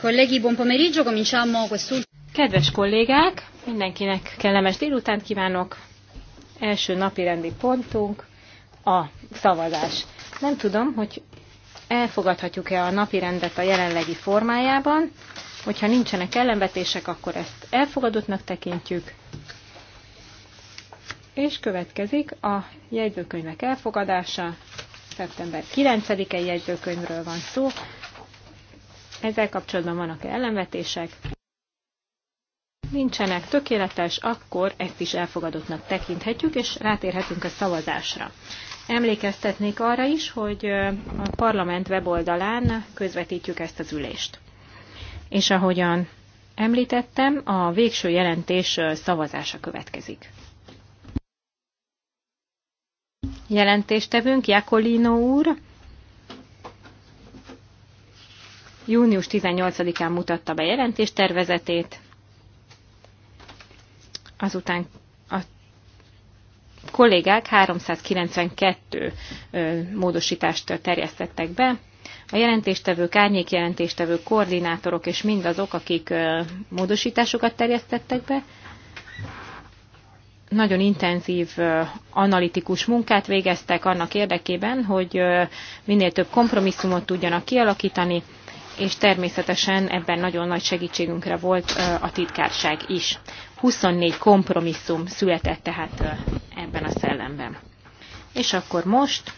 Colleghi, buon pomeriggio, cominciamo quest'ultimo. Kedves kollégák, mindenkinek kellemes délutánt kívánok. Első napi rendi pontunk a szavazás. Nem tudom, hogy elfogadhatjuk-e a napi rendet a jelenlegi formájában. Hogyha nincsenek ellenvetések, akkor ezt elfogadottnak tekintjük. És következik a jegyzőkönyvek elfogadása. Szeptember 9-e jegyzőkönyvről van szó. Ezzel kapcsolatban vannak -e ellenvetések? Nincsenek tökéletes, akkor ezt is elfogadottnak tekinthetjük, és rátérhetünk a szavazásra. Emlékeztetnék arra is, hogy a parlament weboldalán közvetítjük ezt az ülést. És ahogyan említettem, a végső jelentés szavazása következik. Jelentéstevünk Jakolino úr, június 18-án mutatta be jelentés tervezetét, azután a kollégák 392 módosítást terjesztettek be, a jelentéstevők, árnyékjelentéstevők, koordinátorok és mindazok, akik módosításokat terjesztettek be, nagyon intenzív analitikus munkát végeztek annak érdekében, hogy minél több kompromisszumot tudjanak kialakítani, és természetesen ebben nagyon nagy segítségünkre volt a titkárság is. 24 kompromisszum született tehát ebben a szellemben. És akkor most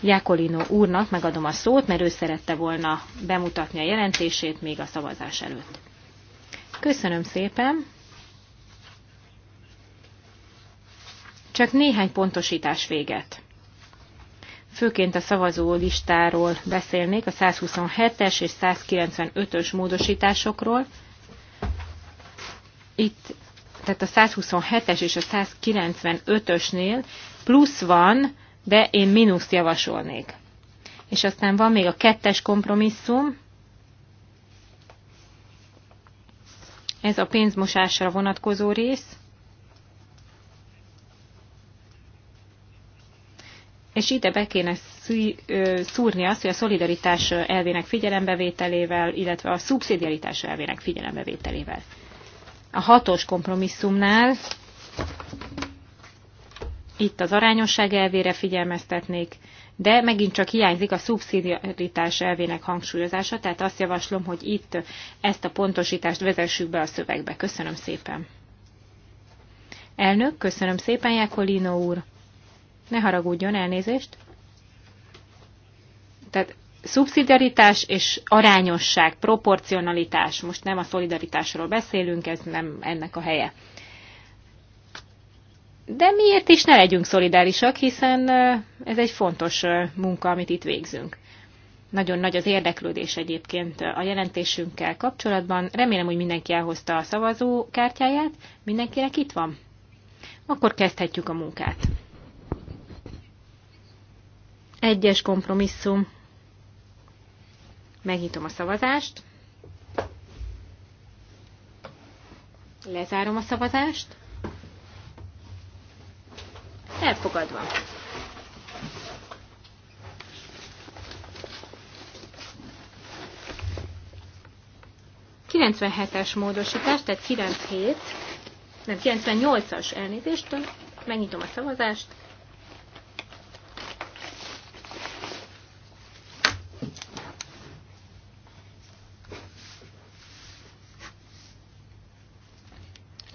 Jákolino úrnak megadom a szót, mert ő szerette volna bemutatni a jelentését még a szavazás előtt. Köszönöm szépen! Csak néhány pontosítás véget főként a szavazó listáról beszélnék, a 127-es és 195-ös módosításokról. Itt, tehát a 127-es és a 195-ösnél plusz van, de én mínuszt javasolnék. És aztán van még a kettes kompromisszum, ez a pénzmosásra vonatkozó rész, és ide be kéne szúrni azt, hogy a szolidaritás elvének figyelembevételével, illetve a szubszidiaritás elvének figyelembevételével. A hatos kompromisszumnál itt az arányosság elvére figyelmeztetnék, de megint csak hiányzik a szubszidiaritás elvének hangsúlyozása, tehát azt javaslom, hogy itt ezt a pontosítást vezessük be a szövegbe. Köszönöm szépen. Elnök, köszönöm szépen, Jákolino úr. Ne haragudjon, elnézést. Tehát szubszidiaritás és arányosság, proporcionalitás, most nem a szolidaritásról beszélünk, ez nem ennek a helye. De miért is ne legyünk szolidárisak, hiszen ez egy fontos munka, amit itt végzünk. Nagyon nagy az érdeklődés egyébként a jelentésünkkel kapcsolatban. Remélem, hogy mindenki elhozta a szavazókártyáját. Mindenkinek itt van? Akkor kezdhetjük a munkát. Egyes kompromisszum. Megnyitom a szavazást. Lezárom a szavazást. Elfogadva. es módosítás, tehát 97, nem 98-as elnézéstől megnyitom a szavazást.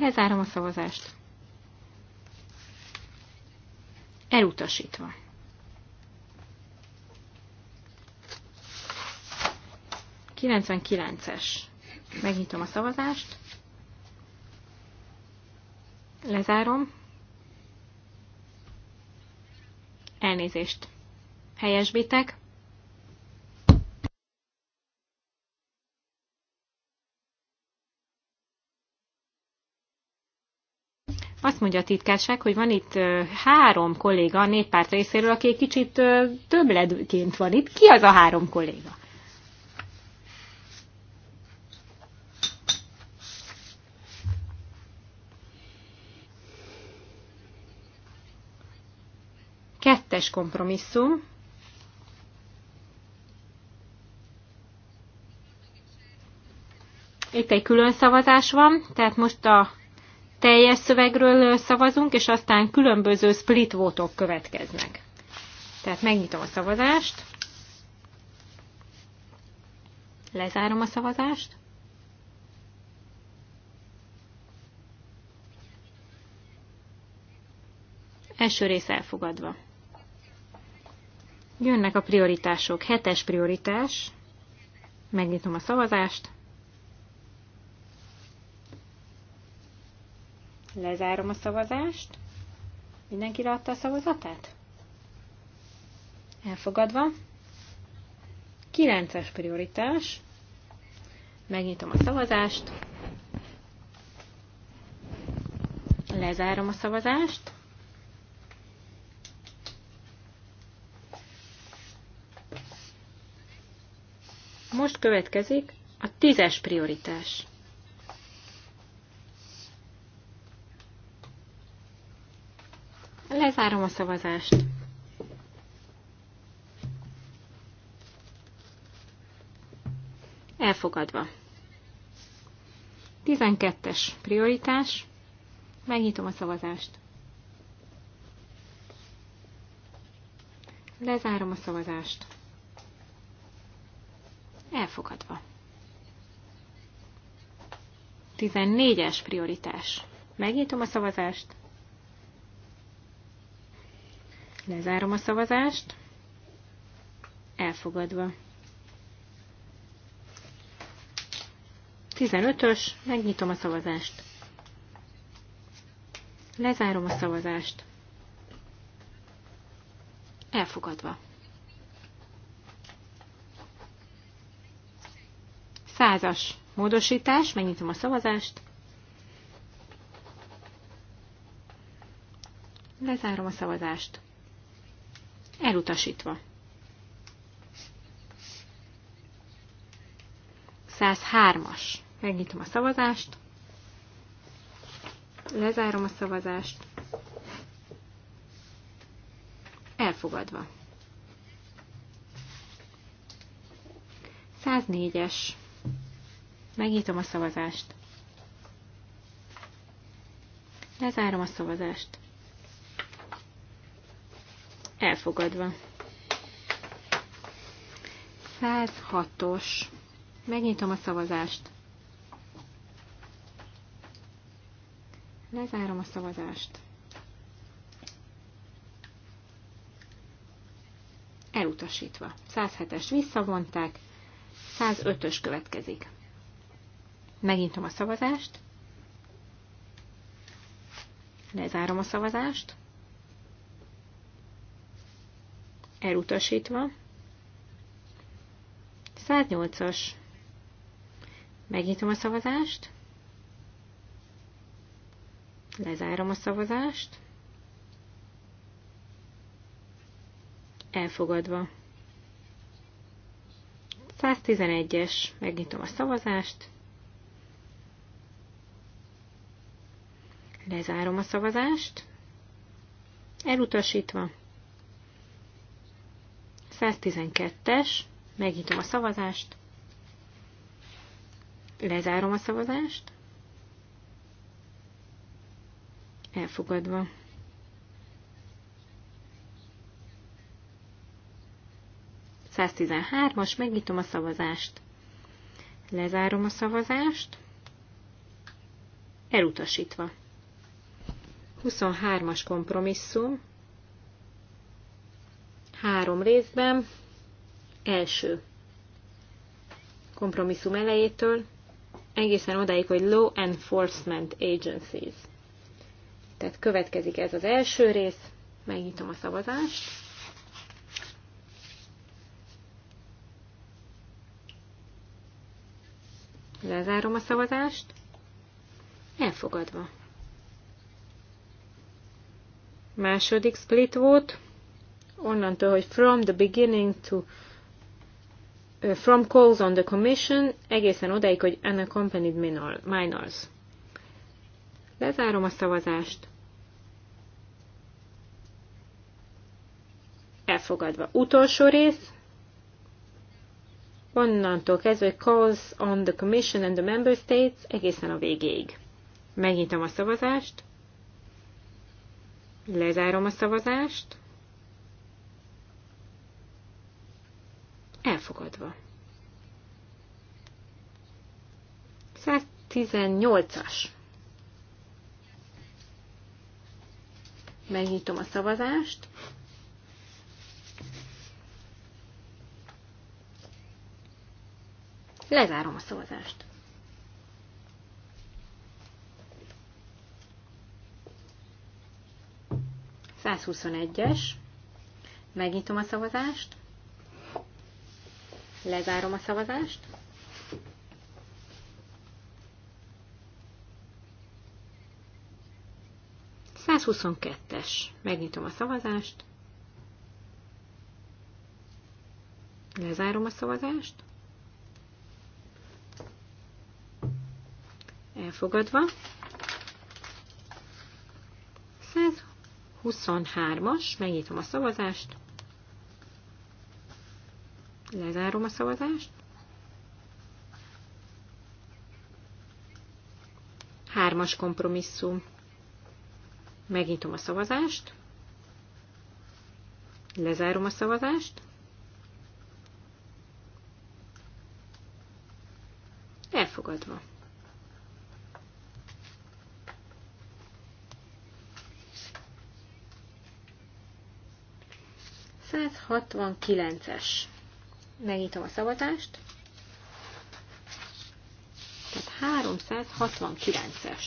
Lezárom a szavazást. Elutasítva. 99-es. Megnyitom a szavazást. Lezárom. Elnézést. Helyesbitek. mondja a titkárság, hogy van itt három kolléga a néppárt részéről, aki egy kicsit többletként van itt. Ki az a három kolléga? Kettes kompromisszum. Itt egy külön szavazás van, tehát most a teljes szövegről szavazunk, és aztán különböző split votok következnek. Tehát megnyitom a szavazást. Lezárom a szavazást. Első rész elfogadva. Jönnek a prioritások. Hetes prioritás. Megnyitom a szavazást. Lezárom a szavazást. Mindenki adta a szavazatát? Elfogadva. 9-es prioritás. Megnyitom a szavazást. Lezárom a szavazást. Most következik a tízes prioritás. Lezárom a szavazást. Elfogadva. 12-es prioritás. Megnyitom a szavazást. Lezárom a szavazást. Elfogadva. 14-es prioritás. Megnyitom a szavazást. Lezárom a szavazást. Elfogadva. 15-ös, megnyitom a szavazást. Lezárom a szavazást. Elfogadva. 100-as. módosítás, megnyitom a szavazást. Lezárom a szavazást. Elutasítva. 103-as. Megnyitom a szavazást. Lezárom a szavazást. Elfogadva. 104-es. Megnyitom a szavazást. Lezárom a szavazást. Elfogadva. 106-os. Megnyitom a szavazást. Lezárom a szavazást. Elutasítva. 107-es visszavonták, 105-ös következik. Megintom a szavazást. Lezárom a szavazást. elutasítva. 108-as. Megnyitom a szavazást. Lezárom a szavazást. Elfogadva. 111-es. Megnyitom a szavazást. Lezárom a szavazást. Elutasítva. 112-es, megnyitom a szavazást, lezárom a szavazást, elfogadva. most megnyitom a szavazást, lezárom a szavazást, elutasítva. 23-as kompromisszum, három részben. Első kompromisszum elejétől egészen odáig, hogy Law Enforcement Agencies. Tehát következik ez az első rész, megnyitom a szavazást. Lezárom a szavazást. Elfogadva. Második split volt onnantól, hogy from the beginning to from calls on the commission, egészen odáig, hogy unaccompanied minors. Lezárom a szavazást. Elfogadva. Utolsó rész. Onnantól kezdve calls on the commission and the member states egészen a végéig. Megnyitom a szavazást. Lezárom a szavazást. Elfogadva. 118-as. Megnyitom a szavazást. Lezárom a szavazást. Százhuszonegyes. Megnyitom a szavazást. Lezárom a szavazást. es Megnyitom a szavazást. Lezárom a szavazást. Elfogadva. 123-as, megnyitom a szavazást. Lezárom a szavazást. Hármas kompromisszum. Megnyitom a szavazást. Lezárom a szavazást. Elfogadva. 169-es. Megnyitom a szavazást. Tehát 369-es.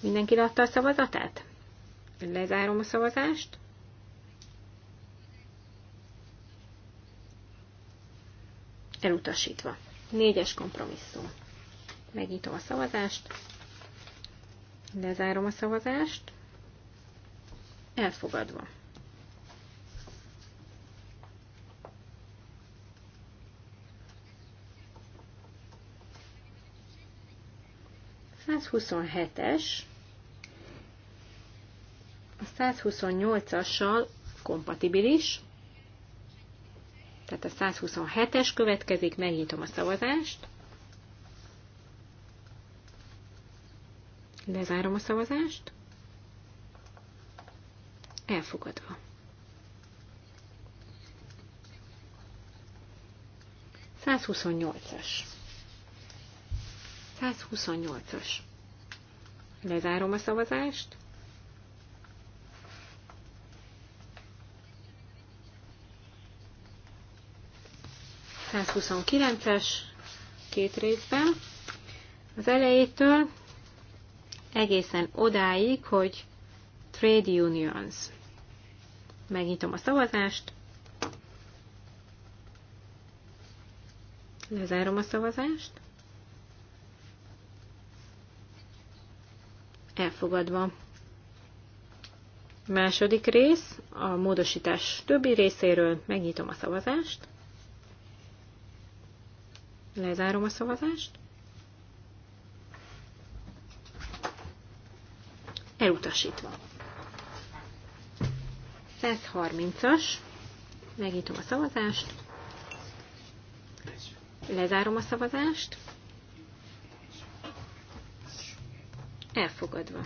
Mindenki adta a szavazatát? Lezárom a szavazást. Elutasítva. Négyes kompromisszum. Megnyitom a szavazást. Lezárom a szavazást. Elfogadva. 127-es a 128-assal kompatibilis, tehát a 127-es következik, megnyitom a szavazást, lezárom a szavazást, elfogadva. Százhuszonnyolcas. 128-as. 128-as. Lezárom a szavazást. es két részben. Az elejétől egészen odáig, hogy Trade Unions. Megnyitom a szavazást. Lezárom a szavazást. elfogadva. Második rész, a módosítás többi részéről megnyitom a szavazást. Lezárom a szavazást. Elutasítva. 130-as. Megnyitom a szavazást. Lezárom a szavazást. Elfogadva.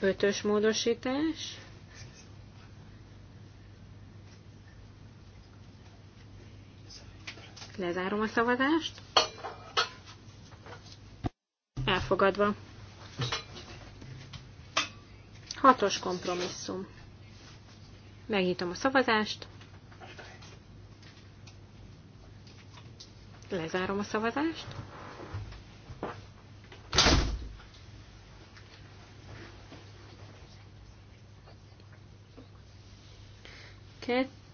Ötös módosítás. Lezárom a szavazást. Elfogadva. Hatos kompromisszum. Megnyitom a szavazást. Lezárom a szavazást.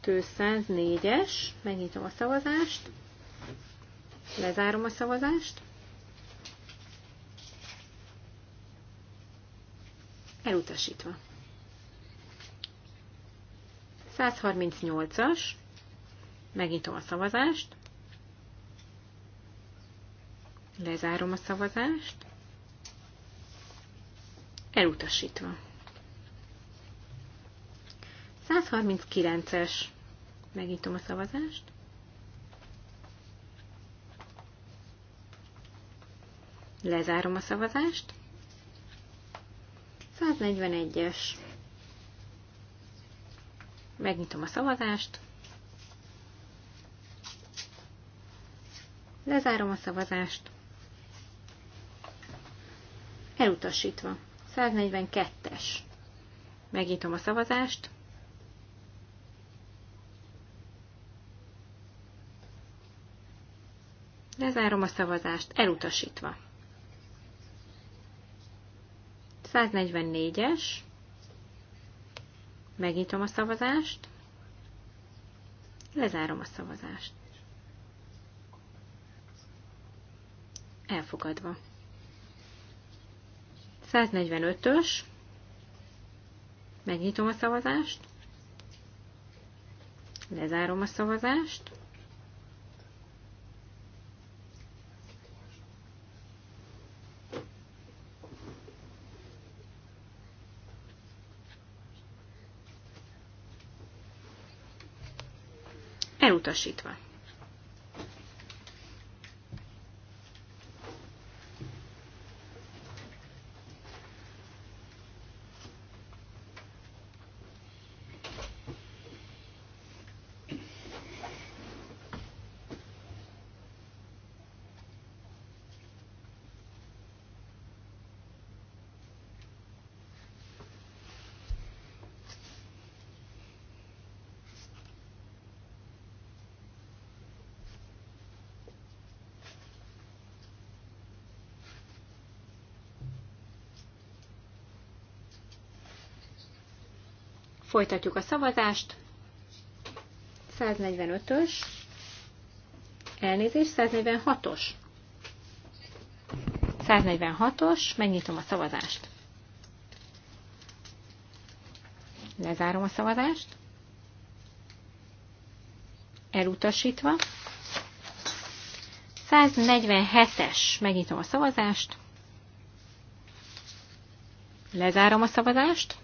204-es, megnyitom a szavazást, lezárom a szavazást, elutasítva. 138-as, megnyitom a szavazást, lezárom a szavazást, elutasítva. 139-es. Megnyitom a szavazást. Lezárom a szavazást. 141-es. Megnyitom a szavazást. Lezárom a szavazást. Elutasítva. 142-es. Megnyitom a szavazást. Lezárom a szavazást, elutasítva. 144-es. Megnyitom a szavazást. Lezárom a szavazást. Elfogadva. 145-ös. Megnyitom a szavazást. Lezárom a szavazást. elutasítva. Folytatjuk a szavazást. 145-ös. Elnézés, 146-os. 146-os, megnyitom a szavazást. Lezárom a szavazást. Elutasítva. 147-es, megnyitom a szavazást. Lezárom a szavazást.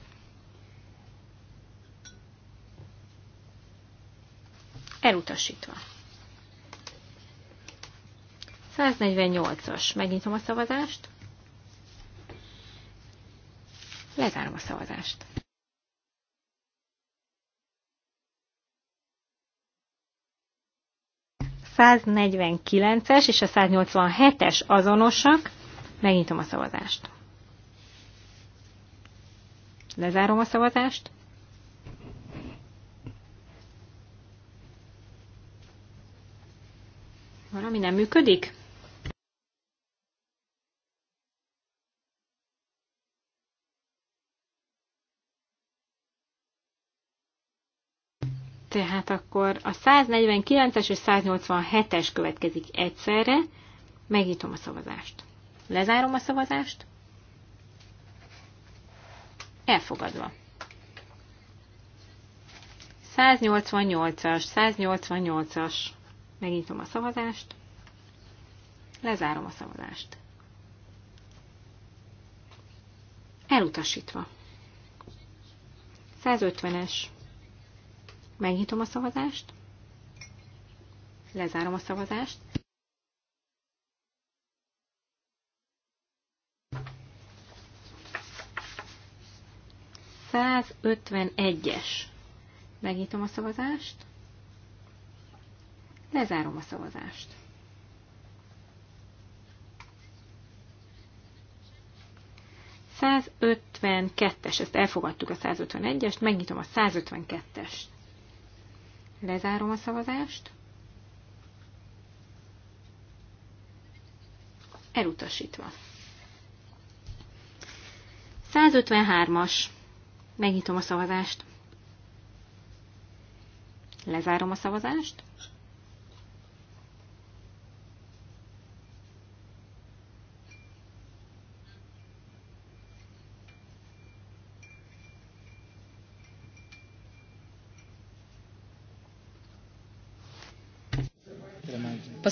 Elutasítva. 148-as. Megnyitom a szavazást. Lezárom a szavazást. A 149-es és a 187-es azonosak. Megnyitom a szavazást. Lezárom a szavazást. Valami nem működik? Tehát akkor a 149-es és 187-es következik egyszerre. Megnyitom a szavazást. Lezárom a szavazást. Elfogadva. 188-as, 188-as. Megnyitom a szavazást. Lezárom a szavazást. Elutasítva. 150-es. Megnyitom a szavazást. Lezárom a szavazást. Száz ötven egyes. Megnyitom a szavazást. Lezárom a szavazást. es ezt elfogadtuk a 151-est, megnyitom a 152-est. Lezárom a szavazást. Elutasítva. 153-as. Megnyitom a szavazást. Lezárom a szavazást.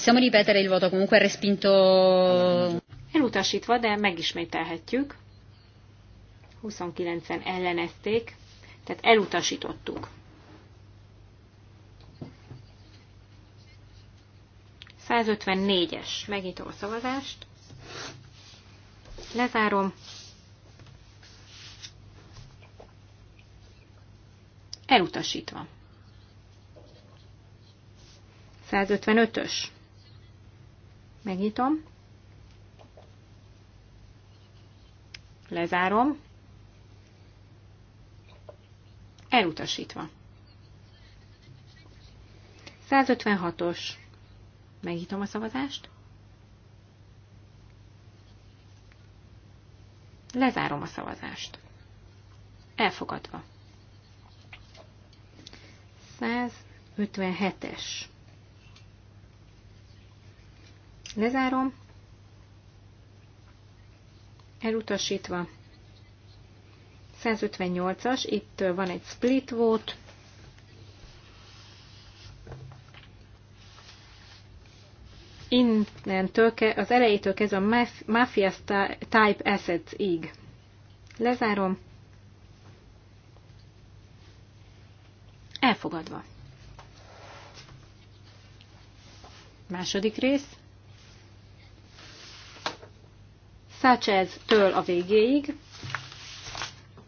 Possiamo ripetere il voto, comunque respinto... Elutasítva, de megismételhetjük. 29-en ellenezték, tehát elutasítottuk. 154-es. Megnyitom a szavazást. Lezárom. Elutasítva. 155-ös. Megnyitom. Lezárom. Elutasítva. 156-os. Megnyitom a szavazást. Lezárom a szavazást. Elfogadva. 157-es. Lezárom. Elutasítva. 158-as, itt van egy split vote. Innentől, az elejétől kezdve a Mafia Type Assets-ig. Lezárom. Elfogadva. Második rész. Sáchez-től a végéig.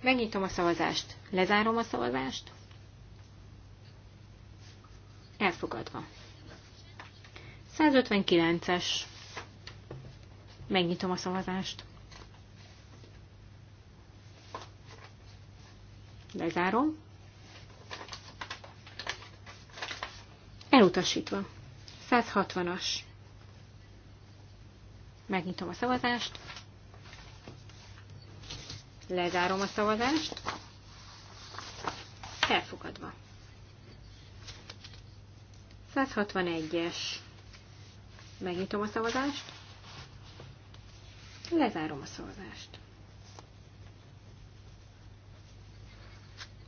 Megnyitom a szavazást, lezárom a szavazást. Elfogadva. 159-es. Megnyitom a szavazást. Lezárom. Elutasítva. 160-as. Megnyitom a szavazást. Lezárom a szavazást. Elfogadva. 161-es. Megnyitom a szavazást. Lezárom a szavazást.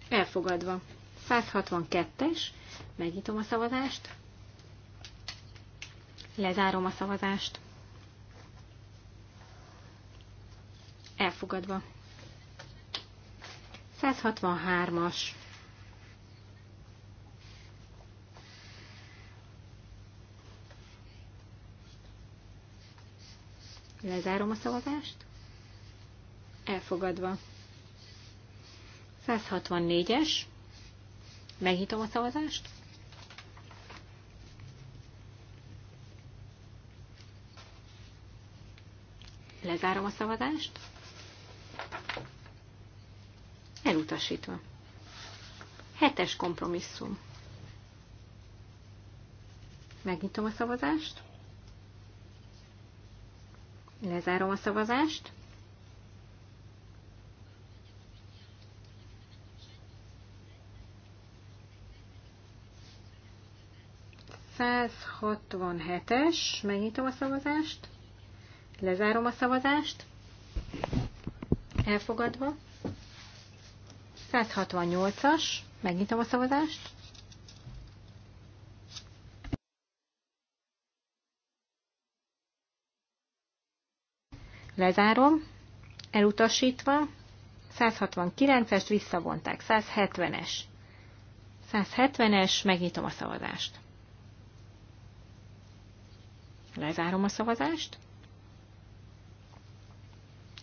Elfogadva. 162-es. Megnyitom a szavazást. Lezárom a szavazást. Elfogadva. 163-as. Lezárom a szavazást. Elfogadva. 164-es. Megnyitom a szavazást. Lezárom a szavazást elutasítva. Hetes kompromisszum. Megnyitom a szavazást. Lezárom a szavazást. es megnyitom a szavazást, lezárom a szavazást, elfogadva. 168-as, megnyitom a szavazást. Lezárom, elutasítva, 169-est visszavonták, 170-es. 170-es, megnyitom a szavazást. Lezárom a szavazást.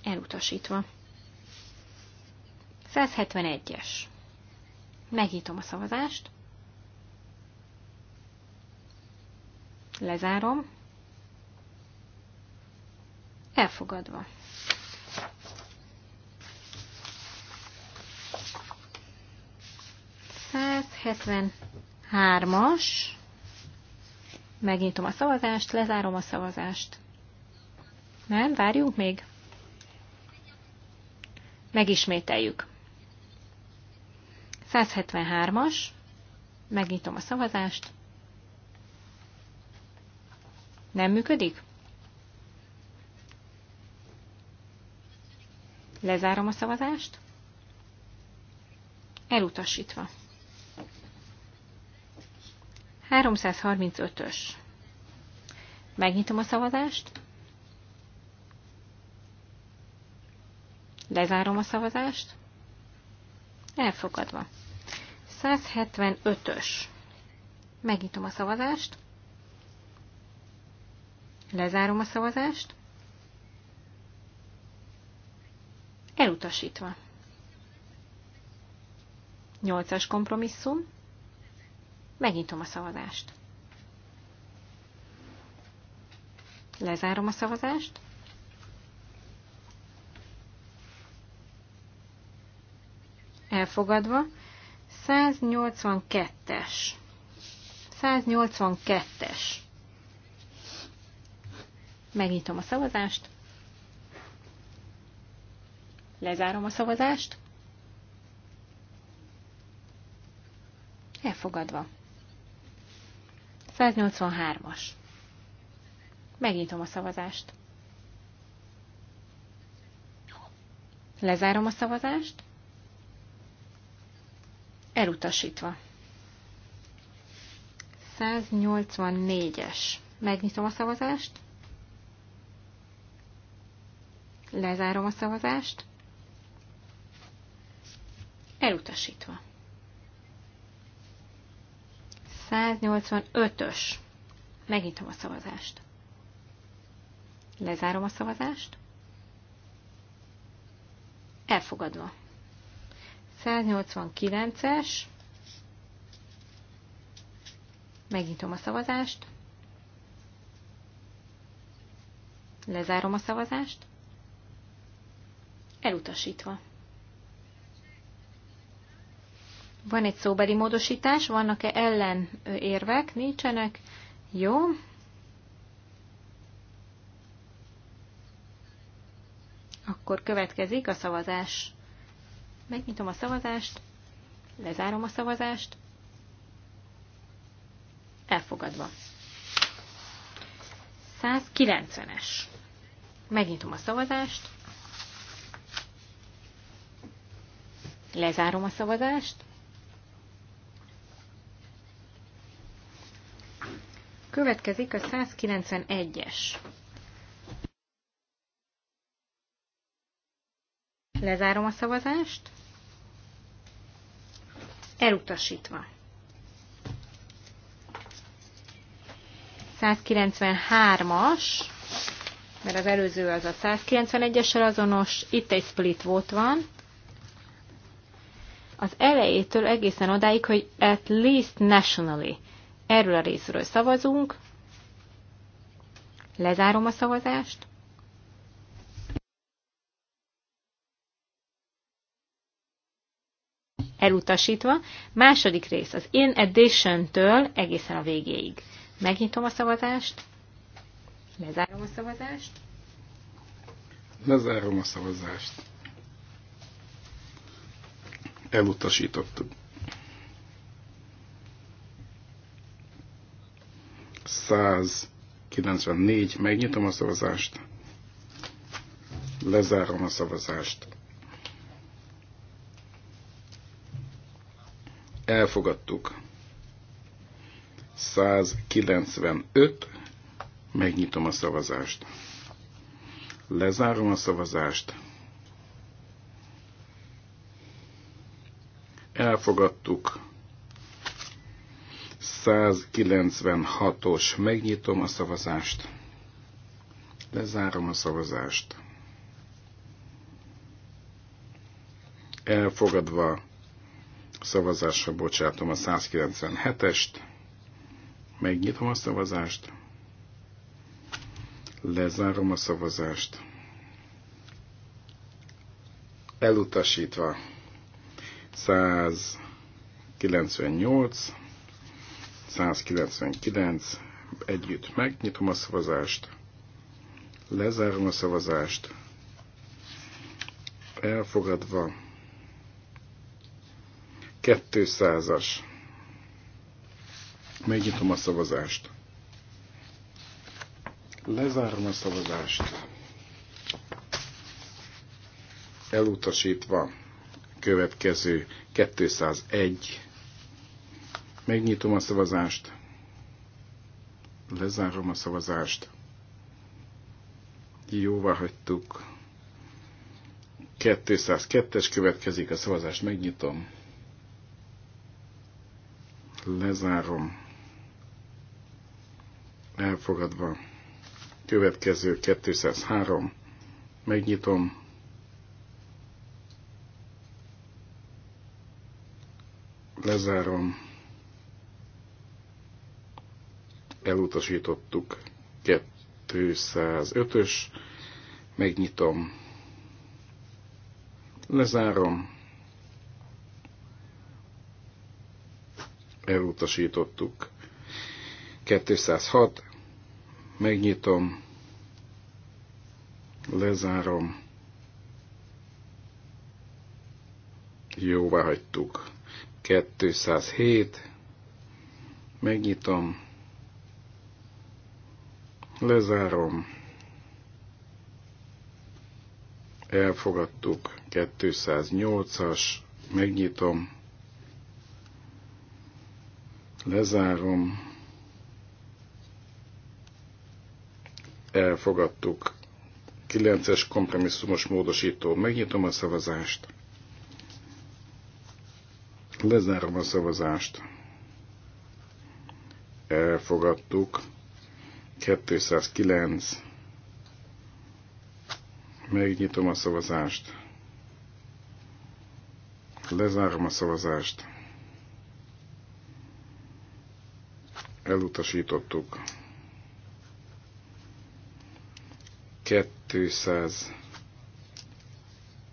Elutasítva. 171-es. Megítom a szavazást. Lezárom. Elfogadva. Hármas. Megnyitom a szavazást, lezárom a szavazást. Nem? Várjunk még? Megismételjük. 173-as, megnyitom a szavazást. Nem működik? Lezárom a szavazást. Elutasítva. 335-ös. Megnyitom a szavazást. Lezárom a szavazást. Elfogadva. 175-ös. Megnyitom a szavazást. Lezárom a szavazást. Elutasítva. 8-as kompromisszum. Megnyitom a szavazást. Lezárom a szavazást. Elfogadva. 182-es. 182-es. Megnyitom a szavazást. Lezárom a szavazást. Elfogadva. 183-as. Megnyitom a szavazást. Lezárom a szavazást. Elutasítva. 184-es. Megnyitom a szavazást. Lezárom a szavazást. Elutasítva. 185-ös. Megnyitom a szavazást. Lezárom a szavazást. Elfogadva. 189-es. Megnyitom a szavazást. Lezárom a szavazást. Elutasítva. Van egy szóbeli módosítás, vannak-e ellen érvek? Nincsenek. Jó. Akkor következik a szavazás Megnyitom a szavazást, lezárom a szavazást, elfogadva. 190-es. Megnyitom a szavazást, lezárom a szavazást, Következik a 191-es. Lezárom a szavazást. Elutasítva. 193-as, mert az előző az a 191 essel azonos, itt egy split volt van. Az elejétől egészen odáig, hogy at least nationally. Erről a részről szavazunk. Lezárom a szavazást. elutasítva. Második rész, az in addition-től egészen a végéig. Megnyitom a szavazást, lezárom a szavazást. Lezárom a szavazást. Elutasítottuk. 94, Megnyitom a szavazást. Lezárom a szavazást. elfogadtuk. 195, megnyitom a szavazást. Lezárom a szavazást. Elfogadtuk. 196-os, megnyitom a szavazást. Lezárom a szavazást. Elfogadva Szavazásra bocsátom a 197-est. Megnyitom a szavazást. Lezárom a szavazást. Elutasítva 198, 199, együtt megnyitom a szavazást, lezárom a szavazást, elfogadva 200-as. Megnyitom a szavazást. Lezárom a szavazást. Elutasítva következő 201. Megnyitom a szavazást. Lezárom a szavazást. Jóvá hagytuk. 202-es következik, a szavazást megnyitom lezárom. Elfogadva. Következő 203. Megnyitom. Lezárom. Elutasítottuk. 205-ös. Megnyitom. Lezárom elutasítottuk. 206, megnyitom, lezárom, jóvá hagytuk. 207, megnyitom, lezárom, elfogadtuk, 208-as, megnyitom, Lezárom. Elfogadtuk. 9-es kompromisszumos módosító. Megnyitom a szavazást. Lezárom a szavazást. Elfogadtuk. 209. Megnyitom a szavazást. Lezárom a szavazást. elutasítottuk.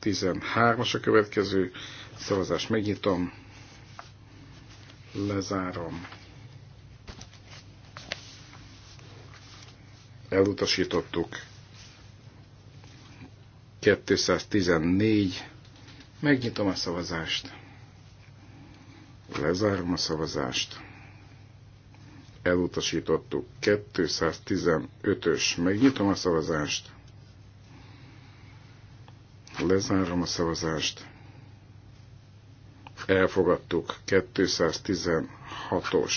213-as a következő szavazást megnyitom, lezárom, elutasítottuk. 214, megnyitom a szavazást, lezárom a szavazást elutasítottuk. 215-ös. Megnyitom a szavazást. Lezárom a szavazást. Elfogadtuk. 216-os.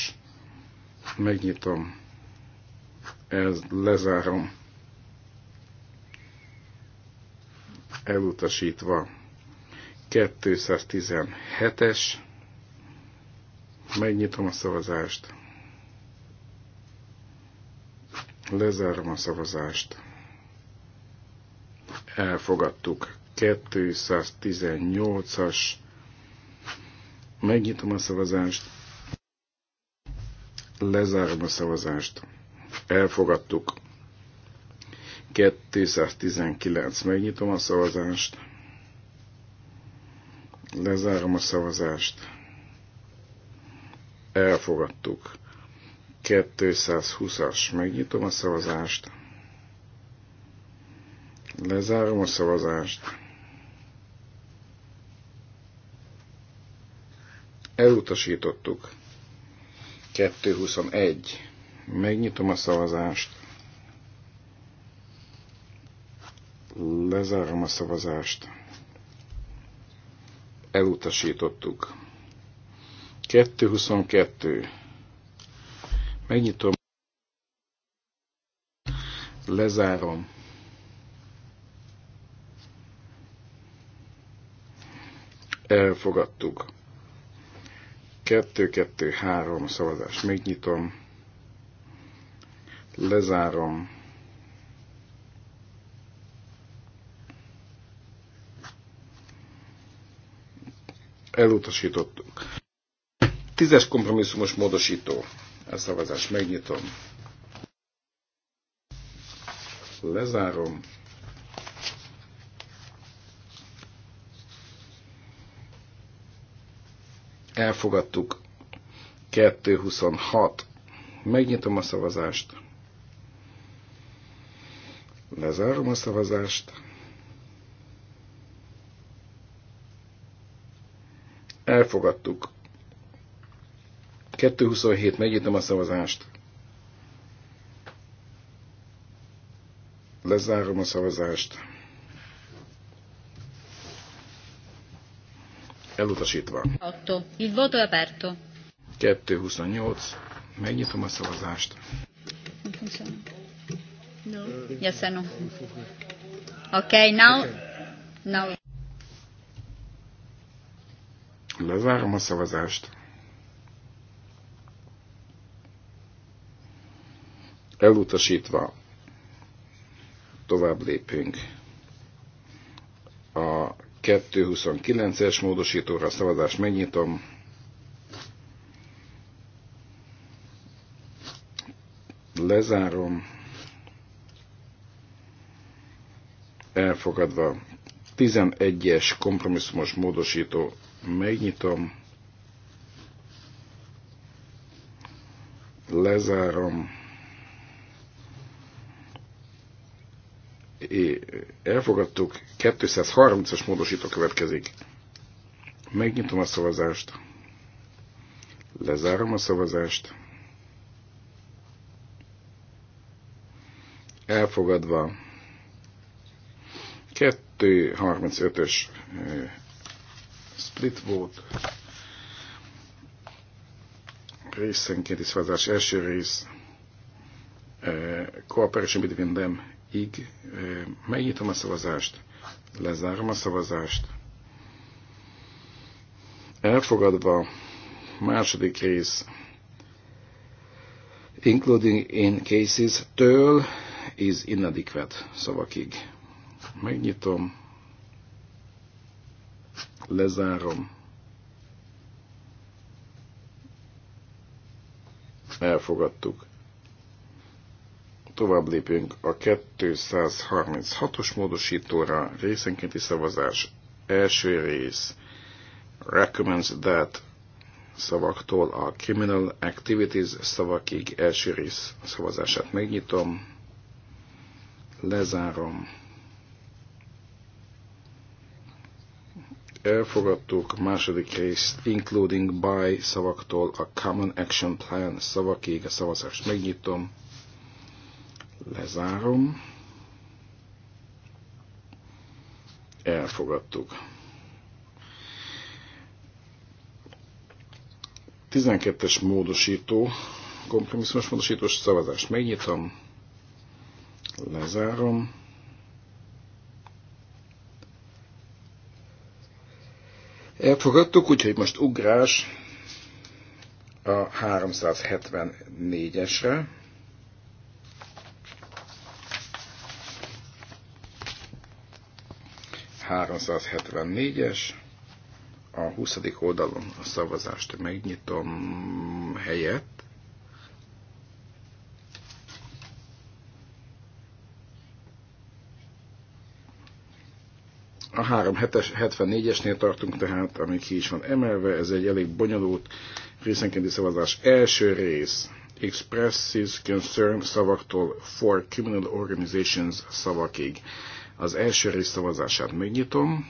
Megnyitom. Ez lezárom. Elutasítva. 217-es. Megnyitom a szavazást Lezárom a szavazást. Elfogadtuk. 218-as. Megnyitom a szavazást. Lezárom a szavazást. Elfogadtuk. 219. Megnyitom a szavazást. Lezárom a szavazást. Elfogadtuk. 220-as. Megnyitom a szavazást. Lezárom a szavazást. Elutasítottuk. 221. Megnyitom a szavazást. Lezárom a szavazást. Elutasítottuk. 222 Megnyitom. Lezárom. Elfogadtuk. 2-2-3 szavazás. Megnyitom. Lezárom. Elutasítottuk. Tízes kompromisszumos módosító. A szavazást megnyitom. Lezárom. Elfogadtuk. 226. Megnyitom a szavazást. Lezárom a szavazást. Elfogadtuk. 227, megnyitom a szavazást. Lezárom a szavazást. Elutasítva. 8. Il voto aperto. 228. Megnyitom a szavazást. No. Yes no. Okay, now. Now. Lezárom a szavazást. Elutasítva tovább lépünk a 229-es módosítóra szavazást megnyitom. Lezárom. Elfogadva 11-es kompromisszumos módosító megnyitom. Lezárom elfogadtuk, 230-as módosító következik. Megnyitom a szavazást, lezárom a szavazást, elfogadva 235-ös eh, split vote részenkénti szavazás első rész eh, cooperation between them ig. Megnyitom a szavazást, lezárom a szavazást. Elfogadva második rész including in cases től is inadequate szavakig. Megnyitom, lezárom, elfogadtuk. Tovább lépünk a 236-os módosítóra, részenkénti szavazás, első rész, recommends that szavaktól a criminal activities szavakig első rész szavazását megnyitom, lezárom, elfogadtuk második részt, including by szavaktól a Common Action Plan szavakig a szavazást megnyitom, Lezárom. Elfogadtuk. 12-es módosító, kompromisszumos módosítós szavazást megnyitom, lezárom. Elfogadtuk, úgyhogy most ugrás a 374-esre. 374-es, a 20. oldalon a szavazást megnyitom helyett. A 374-esnél tartunk tehát, ami ki is van emelve, ez egy elég bonyolult részenkénti szavazás. Első rész expresses concern szavaktól for criminal organizations szavakig. Az első rész szavazását megnyitom.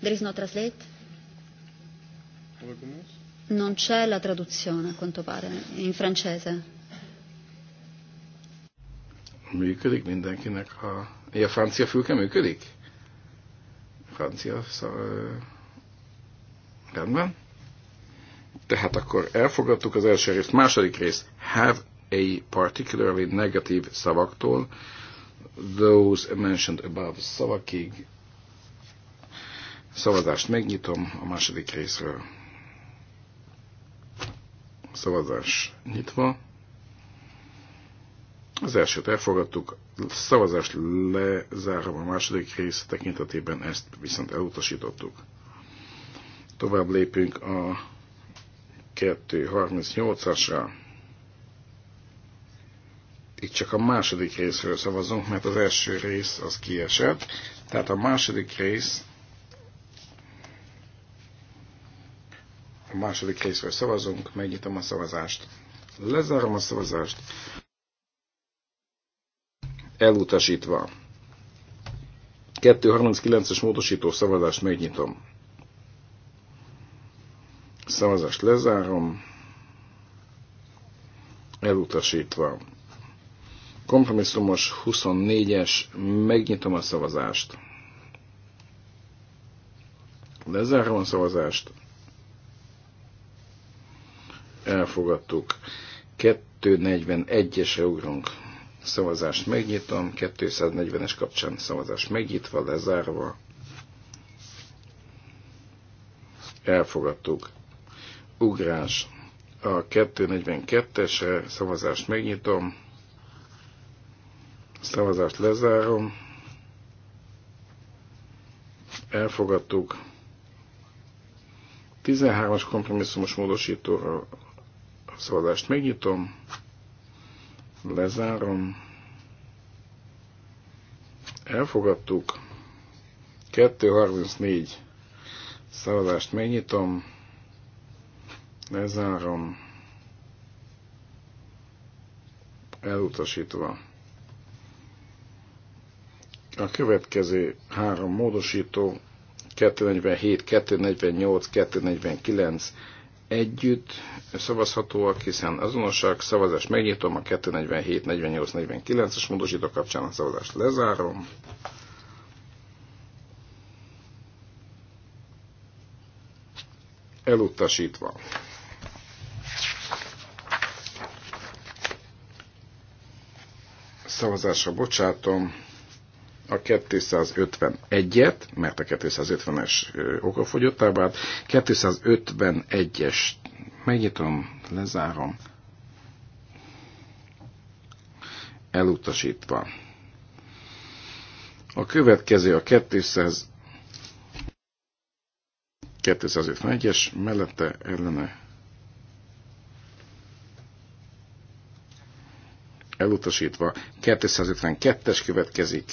There is no translate? Non c'è la traduzione, a quanto pare, in francese. Működik mindenkinek a... Ja, francia fülke működik? Francia szav... Rendben. Tehát akkor elfogadtuk az első részt. Második rész. Have a particularly negatív szavaktól those mentioned above szavakig. Szavazást megnyitom a második részről. Szavazás nyitva. Az elsőt elfogadtuk, szavazást lezárva a második rész tekintetében ezt viszont elutasítottuk. Tovább lépünk a 238-asra itt csak a második részről szavazunk, mert az első rész az kiesett. Tehát a második rész a második részről szavazunk, megnyitom a szavazást. Lezárom a szavazást. Elutasítva. 239-es módosító szavazást megnyitom. Szavazást lezárom. Elutasítva. Kompromisszumos 24-es, megnyitom a szavazást. Lezárom a szavazást. Elfogadtuk. 241-esre ugrunk. Szavazást megnyitom, 240-es kapcsán szavazást megnyitva, lezárva. Elfogadtuk. Ugrás. A 242-esre szavazást megnyitom Szavazást lezárom. Elfogadtuk. 13-as kompromisszumos módosítóra a szavazást megnyitom. Lezárom. Elfogadtuk. 2.34 szavazást megnyitom. Lezárom. Elutasítva. A következő három módosító 247, 248, 249 együtt szavazhatóak, hiszen azonosak, szavazást megnyitom, a 247, 48, 49-es módosító kapcsán a szavazást lezárom. Elutasítva. Szavazásra bocsátom. 251-et, mert a 250-es okafogyottá vált. 251-es megnyitom, lezárom. Elutasítva. A következő a 200 251-es, mellette ellene elutasítva, 252-es következik,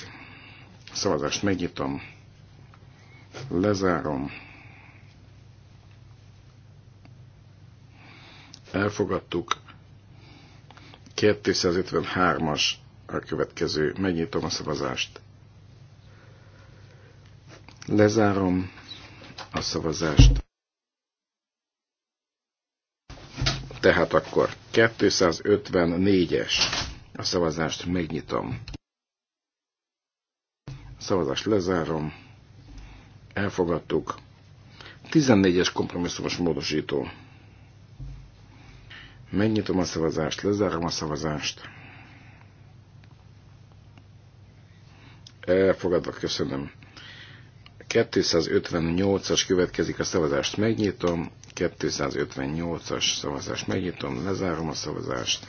Szavazást megnyitom. Lezárom. Elfogadtuk. 253-as a következő. Megnyitom a szavazást. Lezárom a szavazást. Tehát akkor 254-es a szavazást megnyitom. Szavazást lezárom. Elfogadtuk. 14-es kompromisszumos módosító. Megnyitom a szavazást, lezárom a szavazást. Elfogadva, köszönöm. 258-as következik a szavazást, megnyitom. 258-as szavazást megnyitom, lezárom a szavazást.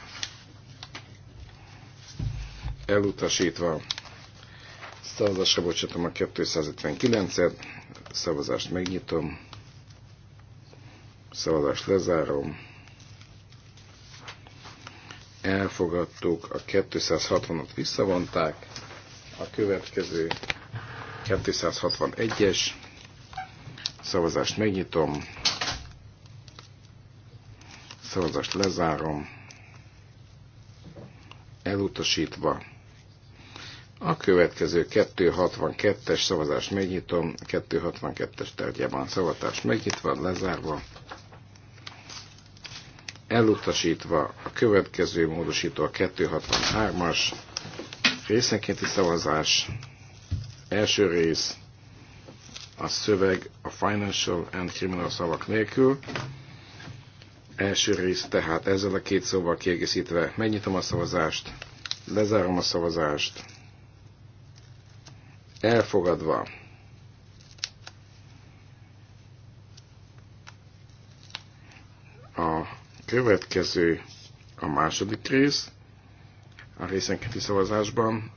Elutasítva Szavazásra bocsátom a 259-et, szavazást megnyitom, szavazást lezárom. Elfogadtuk, a 260-at visszavonták, a következő 261-es, szavazást megnyitom, szavazást lezárom, elutasítva a következő 262-es szavazást megnyitom, 262-es tárgyában szavazást megnyitva, lezárva, elutasítva a következő módosító a 263-as részenkénti szavazás, első rész, a szöveg a financial and criminal szavak nélkül, első rész tehát ezzel a két szóval kiegészítve megnyitom a szavazást, lezárom a szavazást, elfogadva. A következő a második rész, a részenketi szavazásban,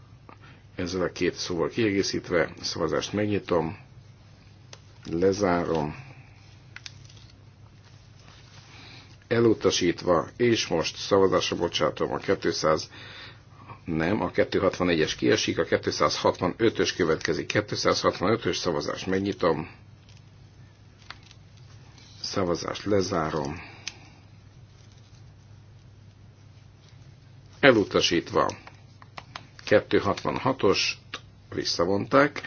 ezzel a két szóval kiegészítve, a szavazást megnyitom, lezárom, elutasítva, és most szavazásra bocsátom a 200 nem, a 261 es kiesik, a 265-ös következik. 265-ös szavazást megnyitom, szavazást lezárom. Elutasítva 266 os visszavonták,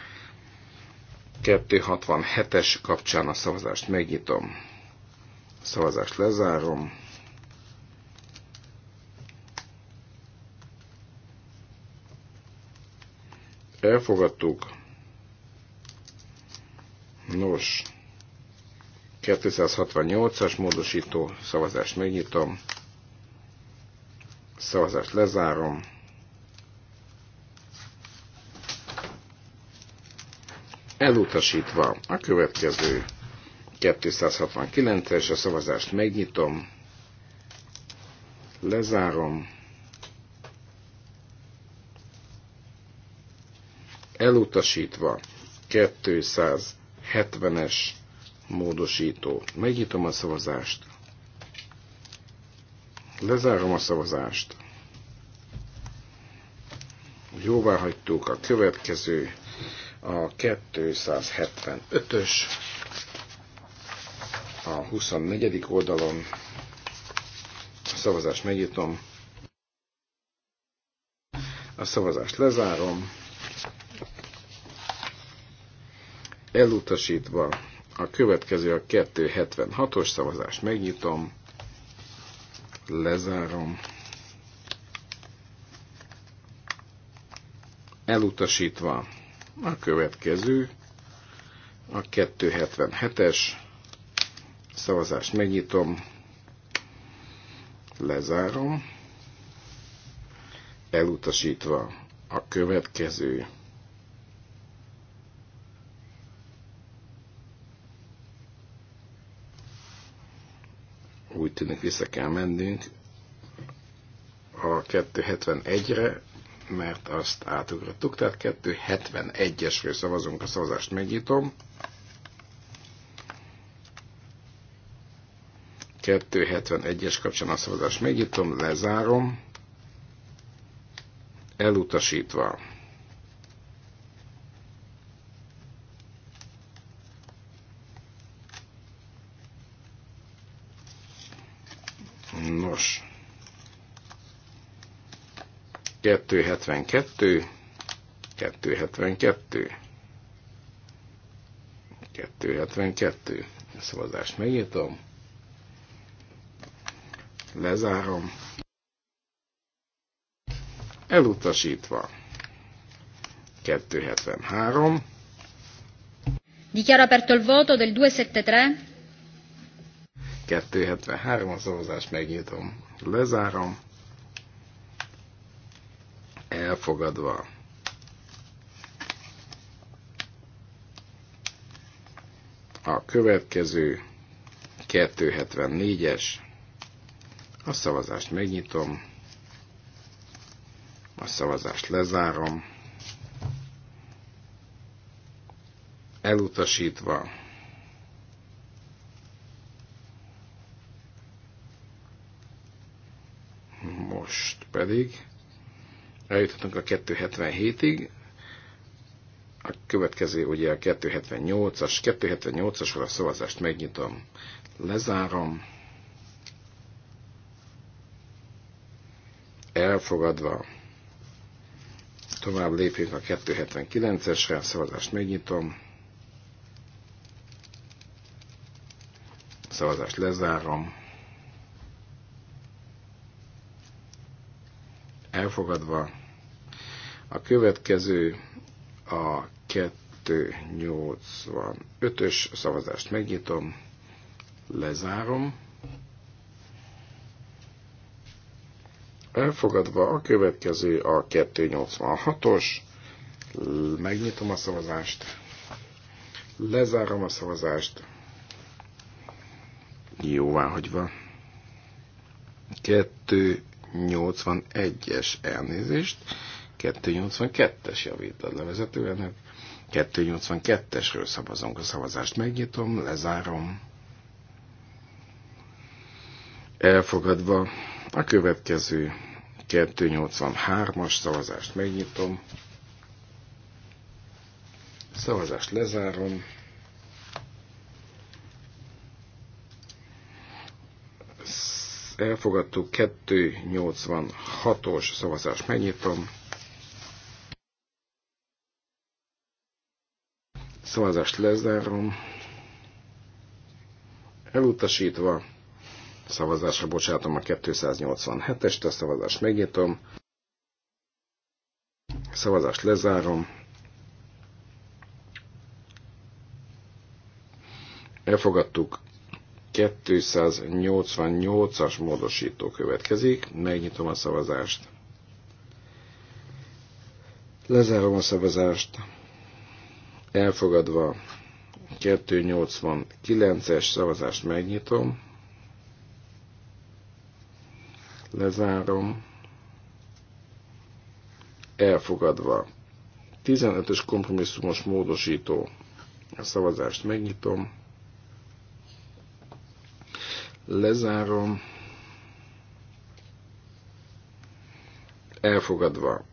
267-es kapcsán a szavazást megnyitom, szavazást lezárom. elfogadtuk. Nos, 268-as módosító szavazást megnyitom, szavazást lezárom, elutasítva a következő 269-es, a szavazást megnyitom, lezárom, elutasítva 270-es módosító. Megnyitom a szavazást. Lezárom a szavazást. Jóvá hagytuk a következő, a 275-ös, a 24. oldalon. A szavazást megnyitom. A szavazást lezárom elutasítva. A következő a 276-os szavazást megnyitom, lezárom. Elutasítva a következő a 277-es szavazást megnyitom, lezárom, elutasítva a következő tűnik vissza kell mennünk a 271-re, mert azt átugrottuk, tehát 271-esről szavazunk, a szavazást megnyitom. 271-es kapcsán a szavazást megnyitom, lezárom, elutasítva. 272, 272, 272. A szavazást megnyitom. Lezárom. Elutasítva. 273. Dichiaro aperto il voto del 273. 273 a szavazást megnyitom. Lezárom elfogadva. A következő 274-es, a szavazást megnyitom, a szavazást lezárom, elutasítva, most pedig eljutottunk a 277-ig, a következő ugye a 278-as, 278-asról a szavazást megnyitom, lezárom, elfogadva, tovább lépünk a 279-esre, a szavazást megnyitom, szavazást lezárom, elfogadva. A következő a 285-ös szavazást megnyitom, lezárom. Elfogadva a következő a 286-os, megnyitom a szavazást, lezárom a szavazást, jóváhagyva. 2 281-es elnézést, 282-es javít a levezetőenök, 282-esről szavazunk a szavazást, megnyitom, lezárom. Elfogadva a következő 283-as szavazást megnyitom, szavazást lezárom. elfogadtuk, 286-os szavazás megnyitom. Szavazást lezárom. Elutasítva szavazásra bocsátom a 287-est, a szavazást megnyitom. Szavazást lezárom. Elfogadtuk 288-as módosító következik. Megnyitom a szavazást. Lezárom a szavazást. Elfogadva 289-es szavazást megnyitom. Lezárom. Elfogadva 15-ös kompromisszumos módosító. A szavazást megnyitom. Lezárom. Elfogadva.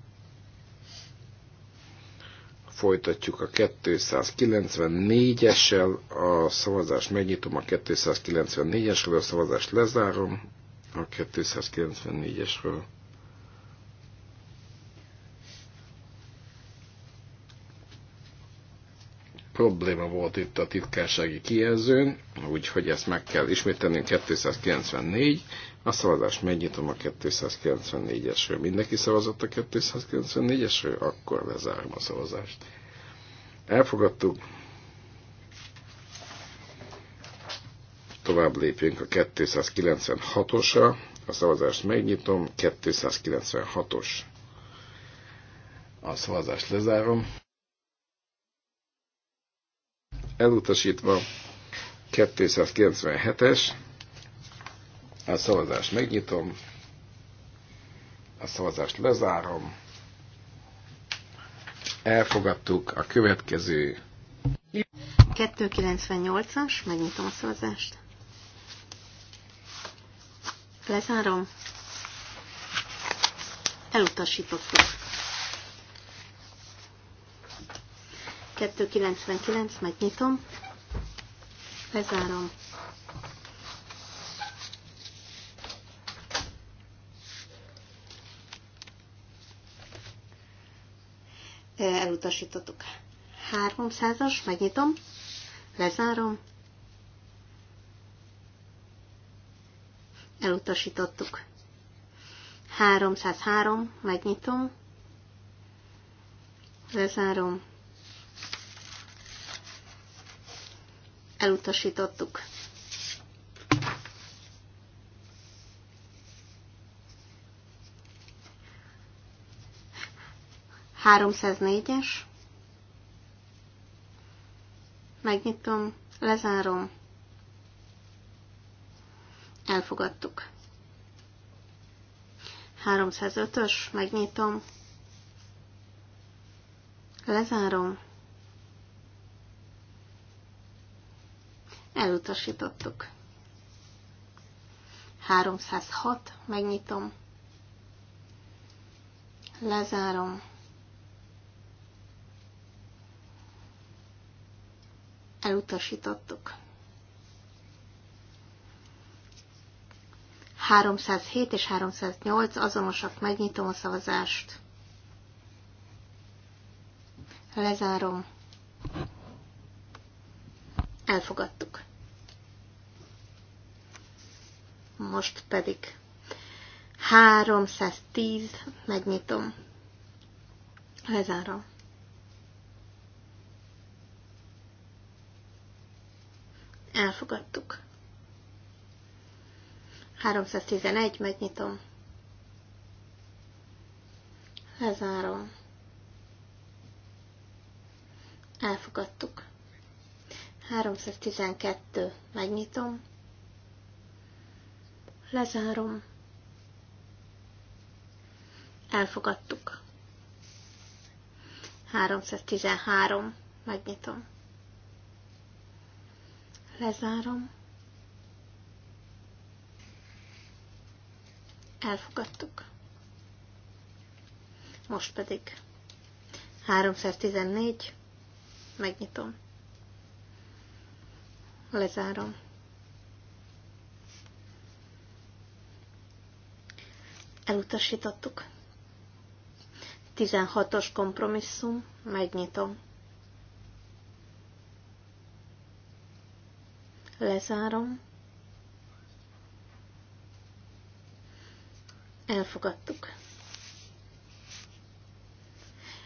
Folytatjuk a 294-essel, a szavazást megnyitom a 294-esről, a szavazást lezárom a 294-esről probléma volt itt a titkársági kijelzőn, úgyhogy ezt meg kell ismételni 294. A szavazást megnyitom a 294-esről. Mindenki szavazott a 294-esről? Akkor lezárom a szavazást. Elfogadtuk. Tovább lépjünk a 296-osra. A szavazást megnyitom. 296-os. A szavazást lezárom elutasítva 297-es. A szavazást megnyitom, a szavazást lezárom. Elfogadtuk a következő 298-as, megnyitom a szavazást. Lezárom. Elutasítottuk. 299, megnyitom, bezárom. Elutasítottuk. 300-as, megnyitom, lezárom. Elutasítottuk. 303, megnyitom, lezárom. elutasítottuk. Háromszáznégyes. Megnyitom, lezárom. Elfogadtuk. 305-ös, megnyitom. Lezárom. Elutasítottuk. 306, megnyitom. Lezárom. Elutasítottuk. 307 és 308 azonosak, megnyitom a szavazást. Lezárom. Elfogadtuk. Most pedig 310, megnyitom. Lezárom. Elfogadtuk. 311, megnyitom. Lezárom. Elfogadtuk. 312. Megnyitom. Lezárom. Elfogadtuk. 313. Megnyitom. Lezárom. Elfogadtuk. Most pedig 314. Megnyitom. Lezárom. Elutasítottuk. 16-os kompromisszum, megnyitom. Lezárom. Elfogadtuk.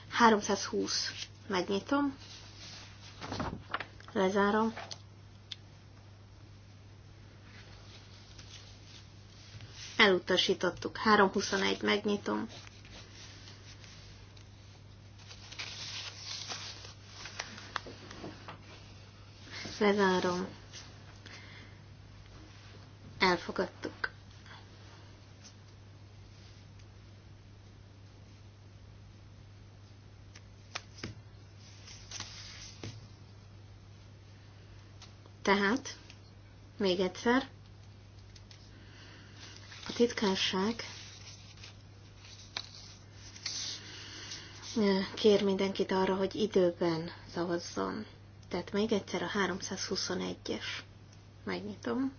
320. Megnyitom. Lezárom. Elutasítottuk. 3.21. Megnyitom. Lezárom. Elfogadtuk. Tehát, még egyszer, titkárság kér mindenkit arra, hogy időben szavazzon. Tehát még egyszer a 321-es. Megnyitom.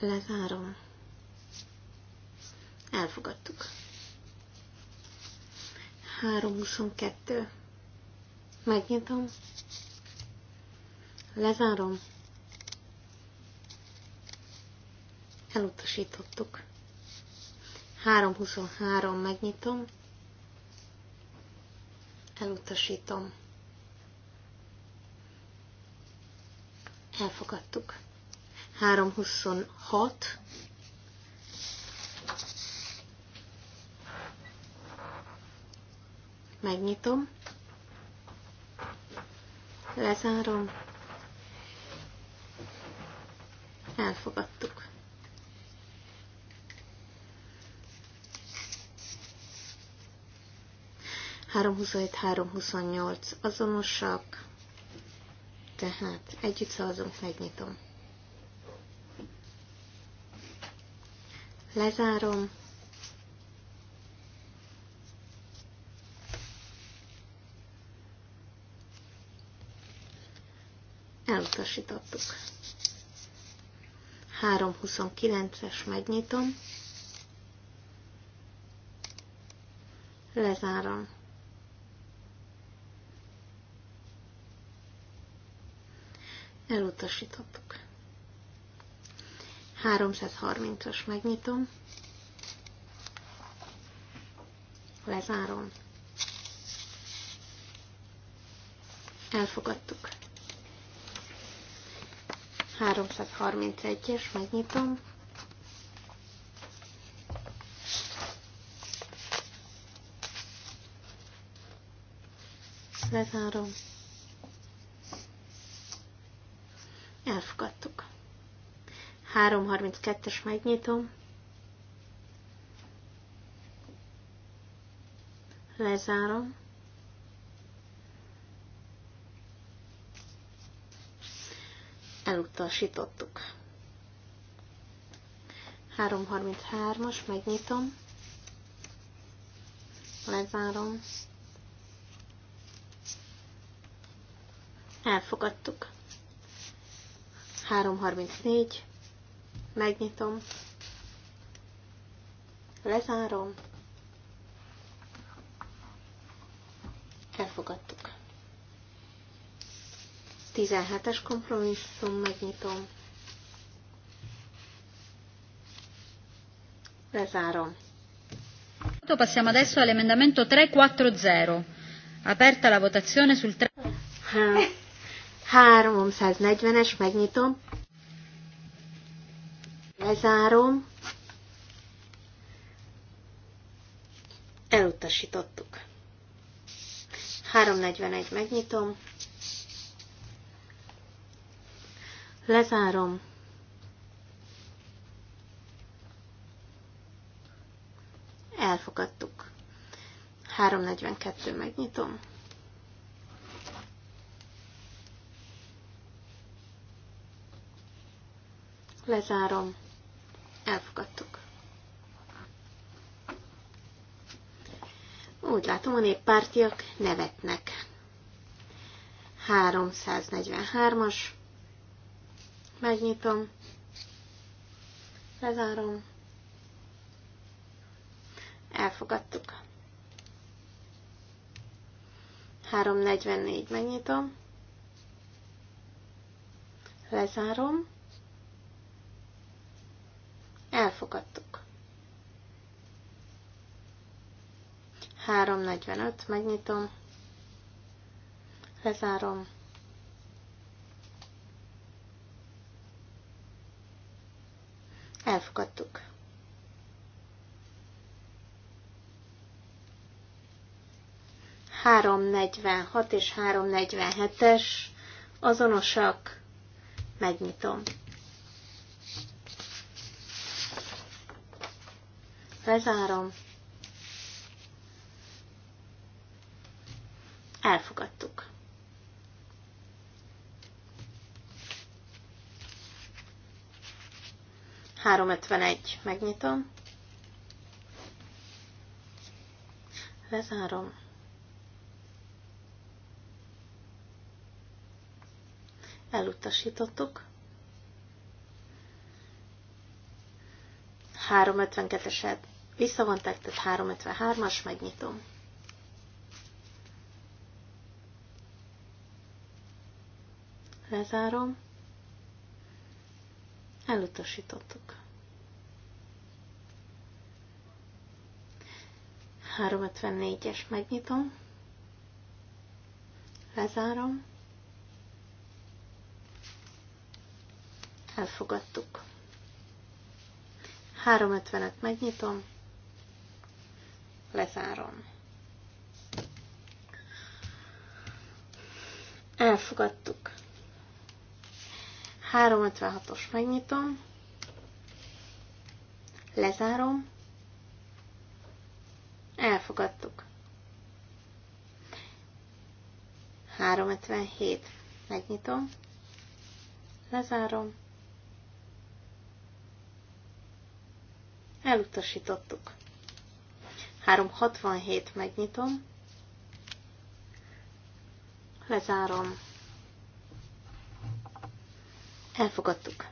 Lezárom. Elfogadtuk. 322. Megnyitom. Lezárom. Elutasítottuk. 323. Megnyitom. Elutasítom. Elfogadtuk. 326. megnyitom, lezárom, elfogadtuk. Három huszonnyolc azonosak, tehát együtt szavazunk, megnyitom. Lezárom, elutasítottuk. 329-es megnyitom, lezárom. Elutasítottuk. 330-as megnyitom, lezárom. Elfogadtuk. 331-es, megnyitom. Lezárom. Elfogadtuk. 332-es megnyitom. Lezárom. elutasítottuk. 333-as, megnyitom, lezárom, elfogadtuk. 334, megnyitom, lezárom, elfogadtuk. 17-es kompromisszum, megnyitom. Lezárom. Passiamo adesso all'emendamento 340. Aperta la votazione sul 3. 340-es, megnyitom. Lezárom. Elutasítottuk. 341 megnyitom. Lezárom. Elfogadtuk. 342 megnyitom. Lezárom. Elfogadtuk. Úgy látom, a néppártiak nevetnek. 343-as. Megnyitom. Lezárom. Elfogadtuk. 344 megnyitom. Lezárom. Elfogadtuk. 345 megnyitom. Lezárom. Elfogadtuk. hat és 347 hetes azonosak. Megnyitom. Lezárom. Elfogadtuk. 351. Megnyitom. Lezárom. Elutasítottuk. 352-eset visszavonták, tehát 353-as, megnyitom. Lezárom. Elutasítottuk. 354-es megnyitom, lezárom, elfogadtuk. 355 megnyitom, lezárom. Elfogadtuk. 356-os megnyitom, lezárom, elfogadtuk. 357, megnyitom, lezárom, elutasítottuk. 367, megnyitom, lezárom, Elfogadtuk.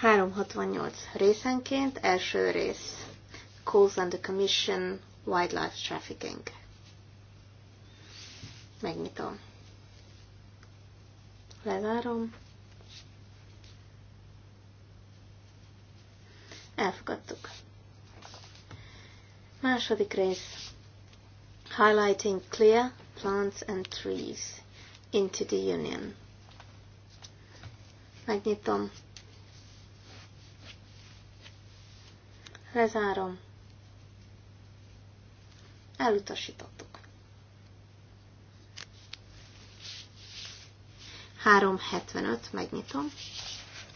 368 részenként, első rész. Calls on the Commission Wildlife Trafficking. Megnyitom. Lezárom. Elfogadtuk. Második rész. Highlighting clear plants and trees into the Union. Megnyitom. Lezárom. Elutasítottuk. Három hetvenöt. megnyitom.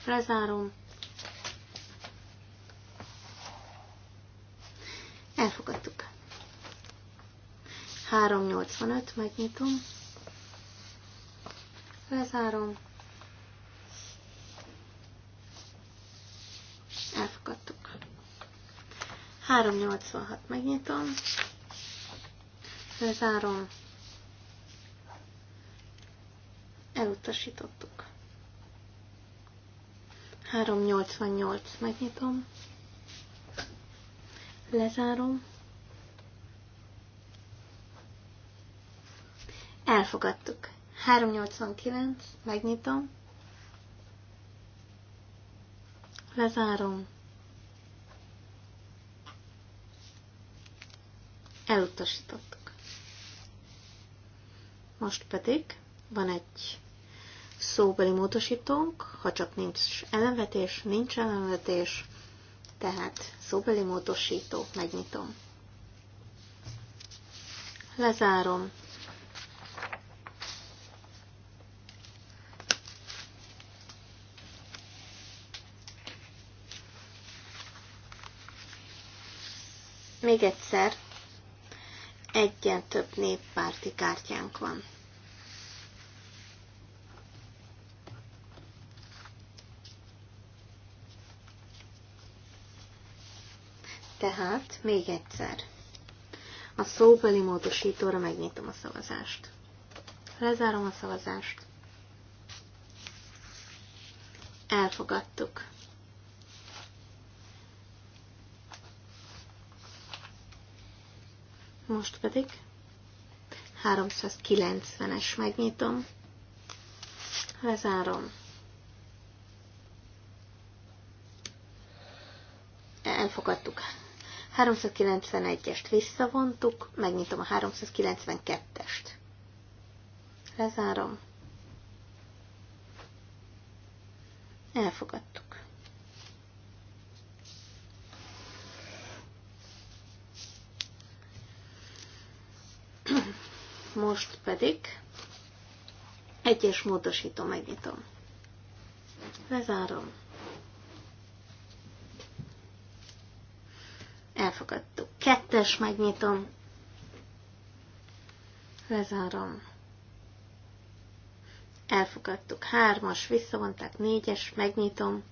Lezárom. Elfogadtuk. 385, megnyitom. Lezárom. 386 megnyitom, lezárom, elutasítottuk. 388 megnyitom, lezárom, elfogadtuk. 389, megnyitom, lezárom, elutasítottuk. Most pedig van egy szóbeli módosítónk, ha csak nincs ellenvetés, nincs ellenvetés, tehát szóbeli módosító, megnyitom. Lezárom. Még egyszer egyen több néppárti kártyánk van. Tehát még egyszer. A szóbeli módosítóra megnyitom a szavazást. Lezárom a szavazást. Elfogadtuk. Most pedig 390-es megnyitom, lezárom. Elfogadtuk. 391-est visszavontuk, megnyitom a 392-est. Lezárom. Elfogadtuk. Most pedig egyes módosító megnyitom. Lezárom. Elfogadtuk. Kettes megnyitom. Lezárom. Elfogadtuk. Hármas, visszavonták. Négyes, megnyitom.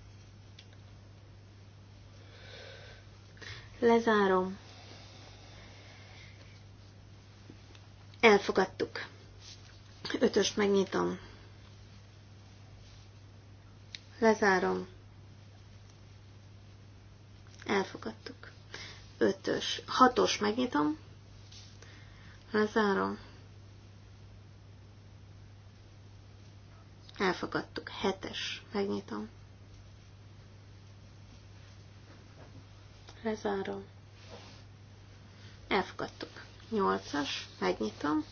Lezárom. Elfogadtuk. Ötöst megnyitom. Lezárom. Elfogadtuk. Ötös. Hatos megnyitom. Lezárom. Elfogadtuk. Hetes. Megnyitom. Lezárom. Elfogadtuk. 8-as, megnyitom.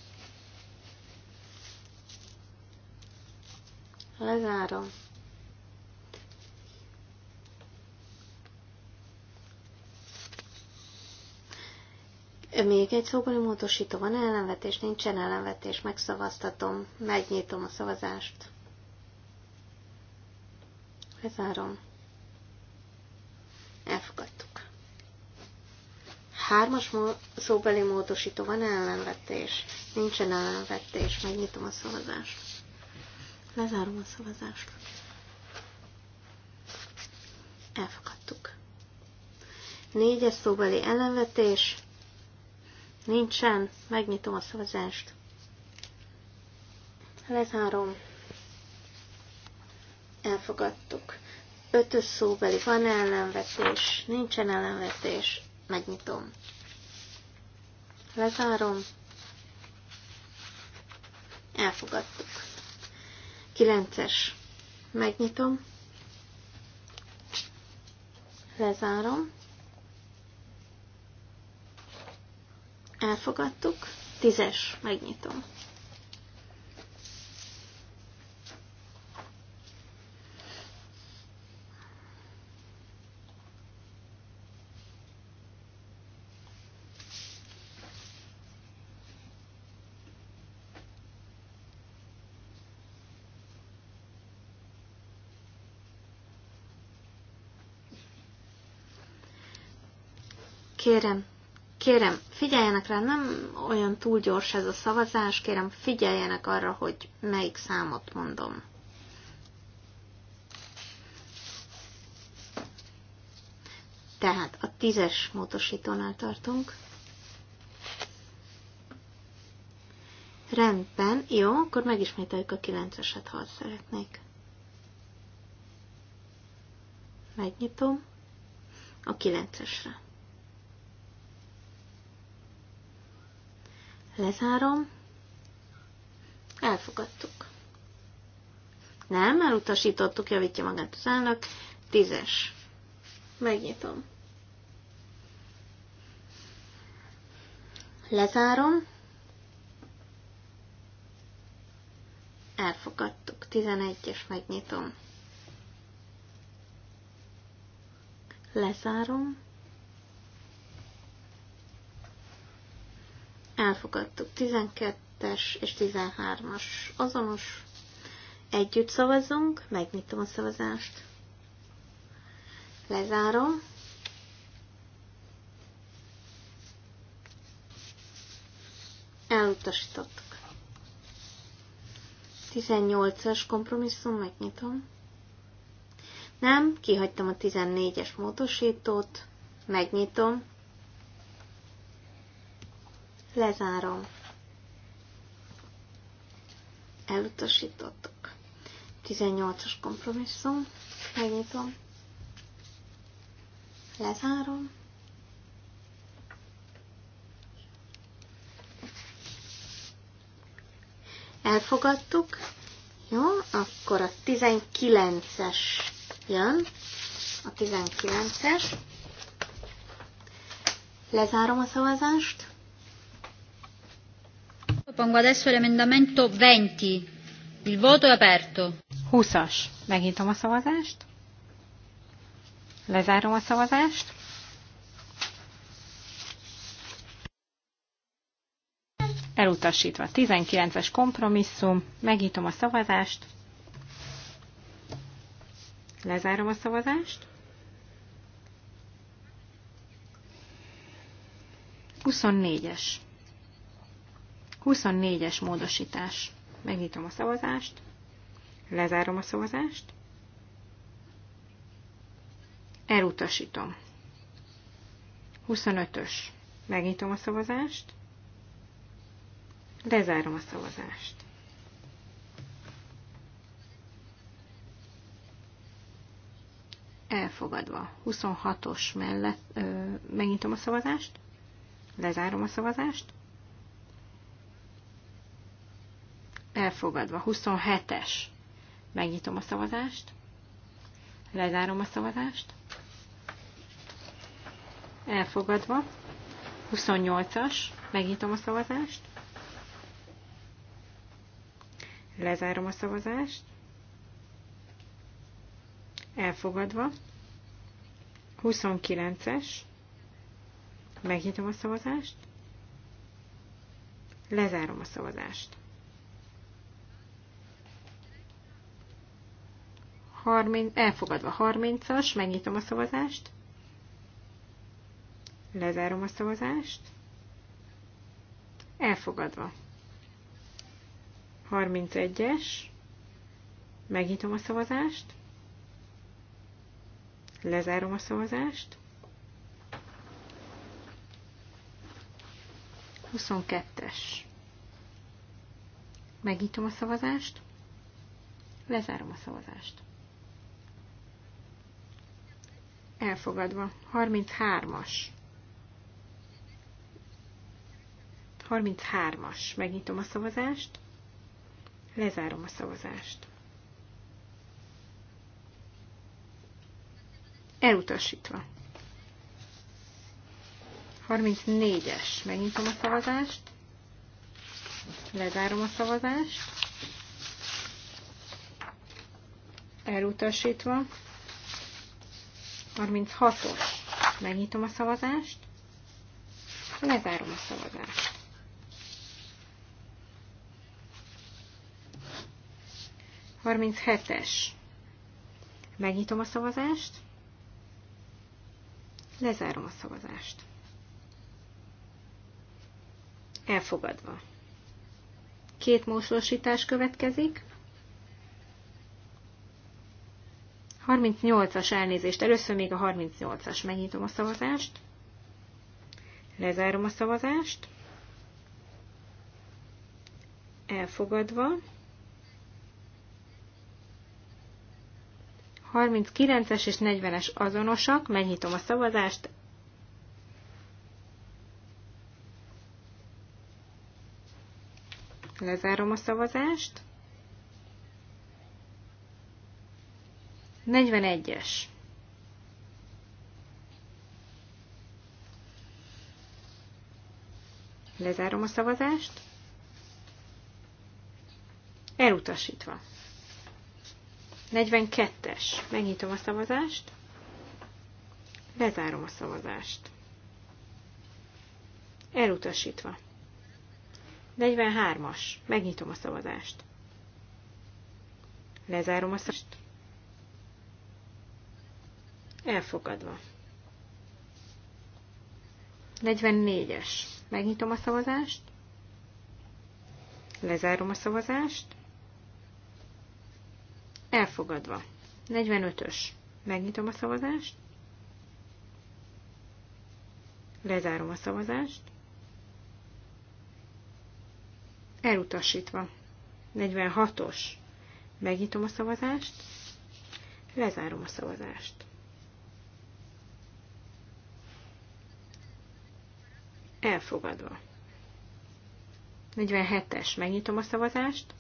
Lezárom. Még egy szóbeli módosító van ellenvetés, nincsen ellenvetés, megszavaztatom, megnyitom a szavazást. Lezárom. Hármas szóbeli módosító van ellenvetés. Nincsen ellenvetés. Megnyitom a szavazást. Lezárom a szavazást. Elfogadtuk. Négyes szóbeli ellenvetés. Nincsen. Megnyitom a szavazást. Lezárom. Elfogadtuk. Ötös szóbeli van ellenvetés. Nincsen ellenvetés megnyitom, lezárom, elfogadtuk. 9-es, megnyitom, lezárom, elfogadtuk, 10-es, megnyitom, Kérem, kérem, figyeljenek rá, nem olyan túl gyors ez a szavazás, kérem, figyeljenek arra, hogy melyik számot mondom. Tehát a tízes módosítónál tartunk. Rendben, jó, akkor megismételjük a kilenceset ha azt szeretnék. Megnyitom a kilencesre. Lezárom. Elfogadtuk. Nem, elutasítottuk, javítja magát az állnak. Tízes. Megnyitom. Lezárom. Elfogadtuk. Tizenegyes. megnyitom. Lezárom. elfogadtuk. 12-es és 13-as azonos. Együtt szavazunk, megnyitom a szavazást. Lezárom. Elutasítottuk. 18-as kompromisszum, megnyitom. Nem, kihagytam a 14-es módosítót, megnyitom, Lezárom. Elutasítottuk. 18-as kompromisszum. Megnyitom. Lezárom. Elfogadtuk. Jó, akkor a 19-es jön. A 19-es. Lezárom a szavazást. Pongo adesso l'emendamento 20. Il voto è aperto. 20-as. Megnyitom a szavazást. Lezárom a szavazást. Elutasítva. 19-es kompromisszum. Megnyitom a szavazást. Lezárom a szavazást. 24-es. 24-es módosítás. Megnyitom a szavazást, lezárom a szavazást, elutasítom. 25-ös. Megnyitom a szavazást, lezárom a szavazást. Elfogadva. 26-os mellett ö, megnyitom a szavazást, lezárom a szavazást, Elfogadva. 27-es. Megnyitom a szavazást. Lezárom a szavazást. Elfogadva. 28-as. Megnyitom a szavazást. Lezárom a szavazást. Elfogadva. 29-es. Megnyitom a szavazást. Lezárom a szavazást. 30, elfogadva 30-as, megnyitom a szavazást, lezárom a szavazást, elfogadva 31-es, megnyitom a szavazást, lezárom a szavazást, 22-es. Megnyitom a szavazást, lezárom a szavazást. Elfogadva. 33-as. 33-as. Megnyitom a szavazást. Lezárom a szavazást. Elutasítva. 34-es. Megnyitom a szavazást. Lezárom a szavazást. Elutasítva. 36-os. Megnyitom a szavazást. Lezárom a szavazást. Harminc hetes. Megnyitom a szavazást. Lezárom a szavazást. Elfogadva. Két mósosítás következik. 38-as elnézést. Először még a 38-as. Megnyitom a szavazást. Lezárom a szavazást. Elfogadva. 39-es és 40-es azonosak. Megnyitom a szavazást. Lezárom a szavazást. 41-es. Lezárom a szavazást. Elutasítva. 42-es. Megnyitom a szavazást. Lezárom a szavazást. Elutasítva. 43-as. Megnyitom a szavazást. Lezárom a szavazást. Elfogadva. 44-es. Megnyitom a szavazást. Lezárom a szavazást. Elfogadva. 45-ös. Megnyitom a szavazást. Lezárom a szavazást. Elutasítva. 46-os. Megnyitom a szavazást. Lezárom a szavazást. Elfogadva. 47-es. Megnyitom a szavazást.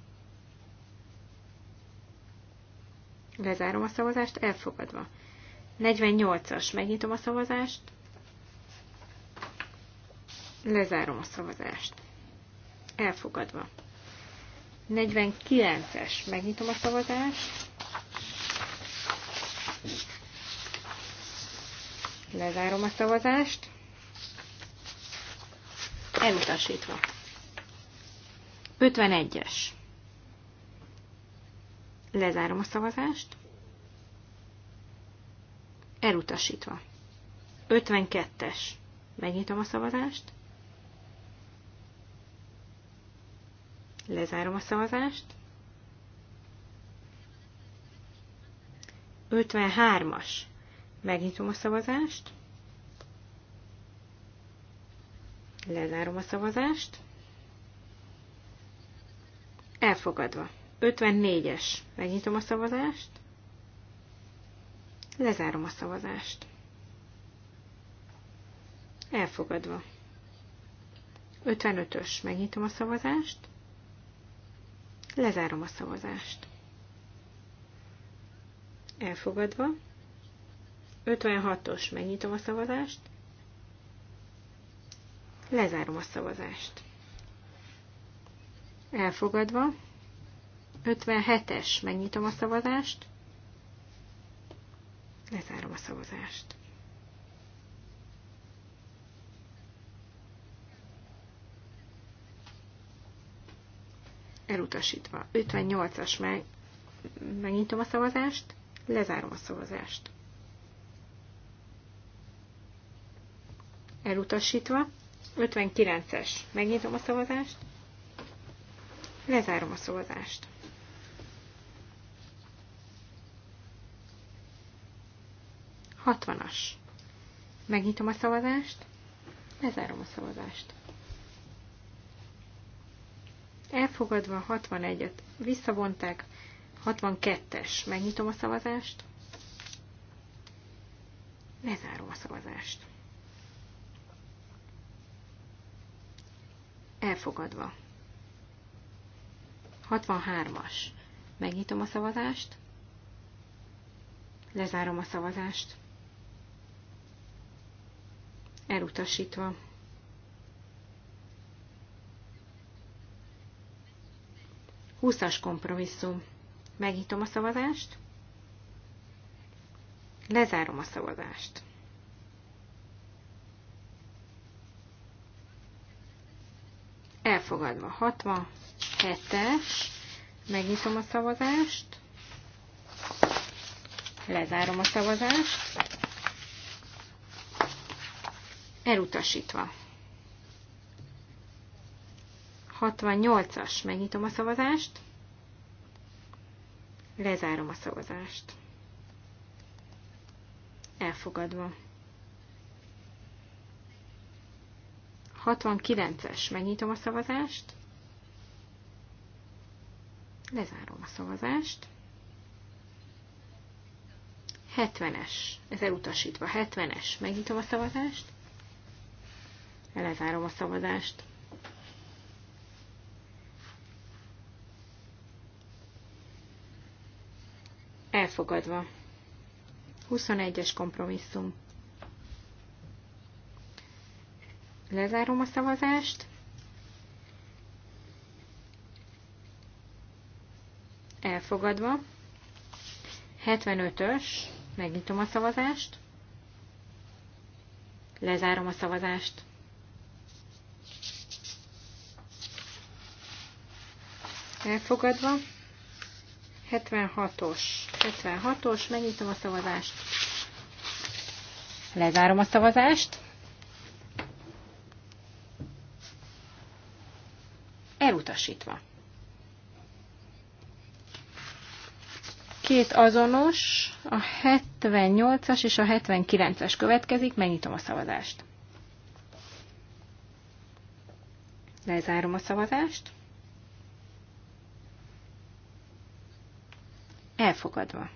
Lezárom a szavazást. Elfogadva. 48-as. Megnyitom a szavazást. Lezárom a szavazást. Elfogadva. 49-es. Megnyitom a szavazást. Lezárom a szavazást elutasítva. 51-es. Lezárom a szavazást. Elutasítva. 52-es. Megnyitom a szavazást. Lezárom a szavazást. 53-as. Megnyitom a szavazást. Lezárom a szavazást. Elfogadva. 54-es. Megnyitom a szavazást. Lezárom a szavazást. Elfogadva. 55-ös. Megnyitom a szavazást. Lezárom a szavazást. Elfogadva. 56-os. Megnyitom a szavazást. Lezárom a szavazást. Elfogadva. 57-es, megnyitom a szavazást. Lezárom a szavazást. Elutasítva. 58-as, meg, megnyitom a szavazást. Lezárom a szavazást. Elutasítva. 59-es. Megnyitom a szavazást. Lezárom a szavazást. Hatvanas. Megnyitom a szavazást. Lezárom a szavazást. Elfogadva 61-et visszavonták, 62-es. Megnyitom a szavazást. Lezárom a szavazást. Elfogadva. 63-as. Megnyitom a szavazást. Lezárom a szavazást. Elutasítva. Húszas kompromisszum. Megnyitom a szavazást. Lezárom a szavazást. elfogadva. 67-es, megnyitom a szavazást, lezárom a szavazást, elutasítva. 68-as, megnyitom a szavazást, lezárom a szavazást. Elfogadva. 69-es. Megnyitom a szavazást. Lezárom a szavazást. 70-es. Ez elutasítva. 70-es. Megnyitom a szavazást. Lezárom a szavazást. Elfogadva. 21-es kompromisszum. Lezárom a szavazást. Elfogadva. 75-ös. Megnyitom a szavazást. Lezárom a szavazást. Elfogadva. 76-os. 76-os. Megnyitom a szavazást. Lezárom a szavazást. utasítva. Két azonos, a 78-as és a 79-es következik, megnyitom a szavazást. Lezárom a szavazást. Elfogadva.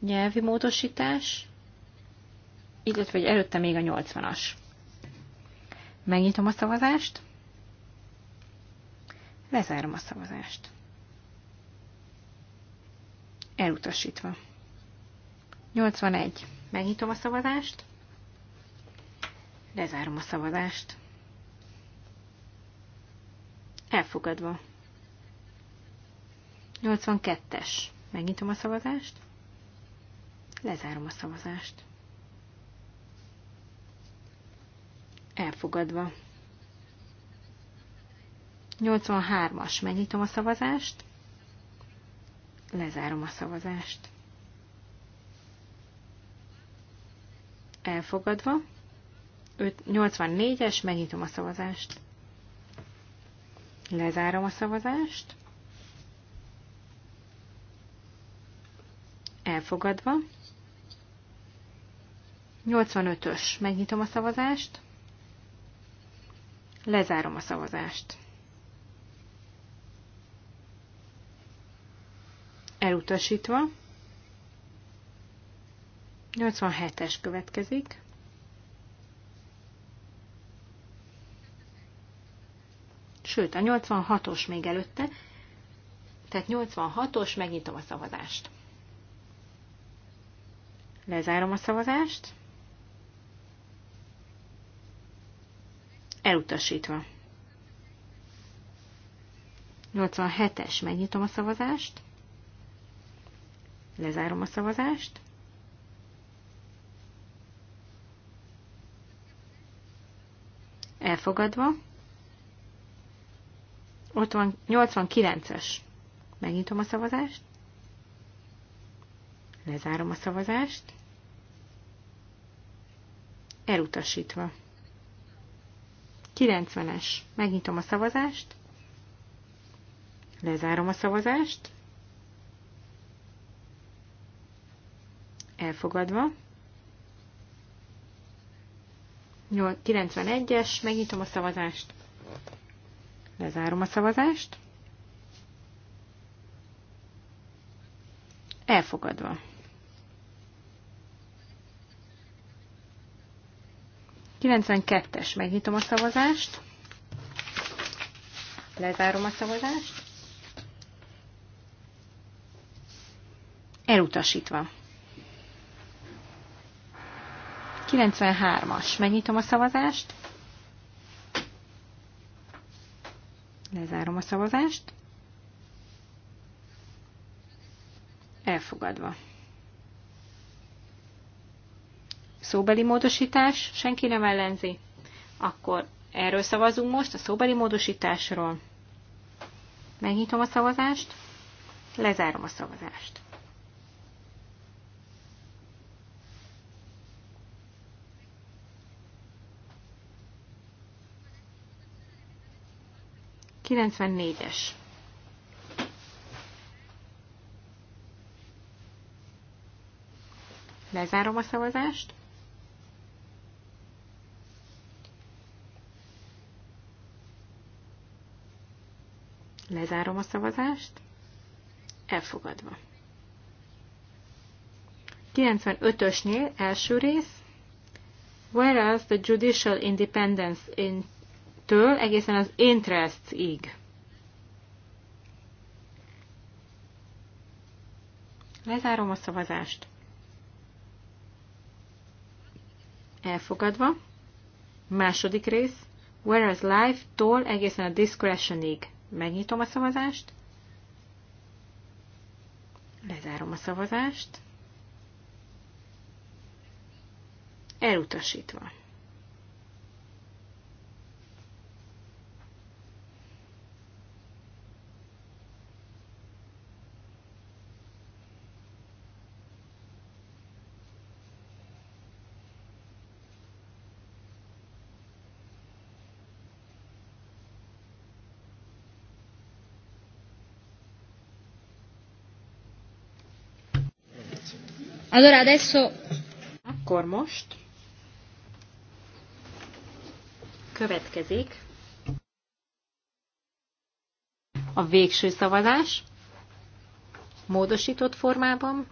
Nyelvi módosítás, illetve előtte még a 80-as. Megnyitom a szavazást. Lezárom a szavazást. Elutasítva. 81. Megnyitom a szavazást. Lezárom a szavazást. Elfogadva. 82-es. Megnyitom a szavazást. Lezárom a szavazást. Elfogadva. 83-as. Megnyitom a szavazást. Lezárom a szavazást. Elfogadva. 84-es. Megnyitom a szavazást. Lezárom a szavazást. Elfogadva. 85-ös. Megnyitom a szavazást. Lezárom a szavazást. elutasítva. 87-es következik. Sőt, a 86-os még előtte. Tehát 86-os, megnyitom a szavazást. Lezárom a szavazást. Elutasítva. 87-es, megnyitom a szavazást. Lezárom a szavazást. Elfogadva. Ott van 89-es. Megnyitom a szavazást. Lezárom a szavazást. Elutasítva. 90-es. Megnyitom a szavazást. Lezárom a szavazást. elfogadva. 91-es, megnyitom a szavazást, lezárom a szavazást, elfogadva. Kilencvenkettes, megnyitom a szavazást, lezárom a szavazást, elutasítva. 93-as. Megnyitom a szavazást. Lezárom a szavazást. Elfogadva. Szóbeli módosítás, senki nem ellenzi. Akkor erről szavazunk most, a szóbeli módosításról. Megnyitom a szavazást, lezárom a szavazást. 94-es. Lezárom a szavazást. Lezárom a szavazást. Elfogadva. 95-ösnél első rész. Whereas the judicial independence in től egészen az interests-ig. Lezárom a szavazást. Elfogadva. Második rész. Whereas life-tól egészen a discretionig. Megnyitom a szavazást. Lezárom a szavazást. Elutasítva. Allora adesso... Akkor most következik a végső szavazás módosított formában.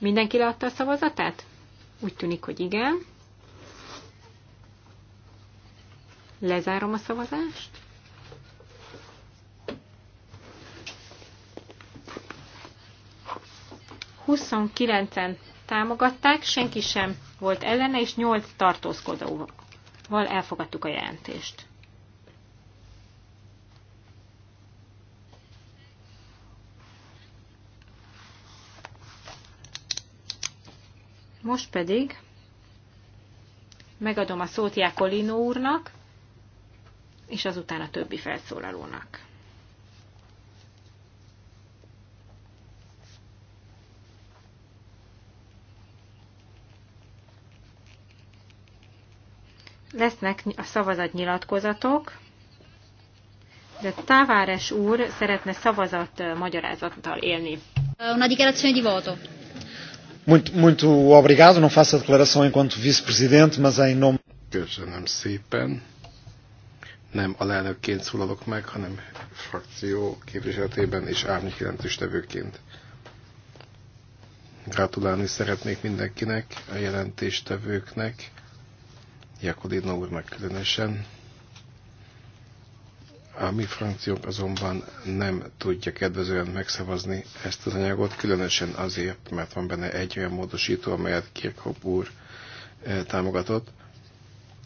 Mindenki leadta a szavazatát? Úgy tűnik, hogy igen. Lezárom a szavazást. 29-en támogatták, senki sem volt ellene, és 8 tartózkodóval elfogadtuk a jelentést. Most pedig megadom a szót Jákolino úrnak, és azután a többi felszólalónak. lesznek a szavazatnyilatkozatok, de Táváres úr szeretne szavazat magyarázattal élni. Una dichiarazione di voto. Muito, muito obrigado. Não faço a declaração enquanto vice-presidente, mas em nome... Köszönöm szépen. Nem alelnökként szólalok meg, hanem frakció képviseletében és árnyék jelentéstevőként. Gratulálni szeretnék mindenkinek, a jelentéstevőknek Jakodina meg különösen. A mi frakciók azonban nem tudja kedvezően megszavazni ezt az anyagot, különösen azért, mert van benne egy olyan módosító, amelyet Kirchhoff úr támogatott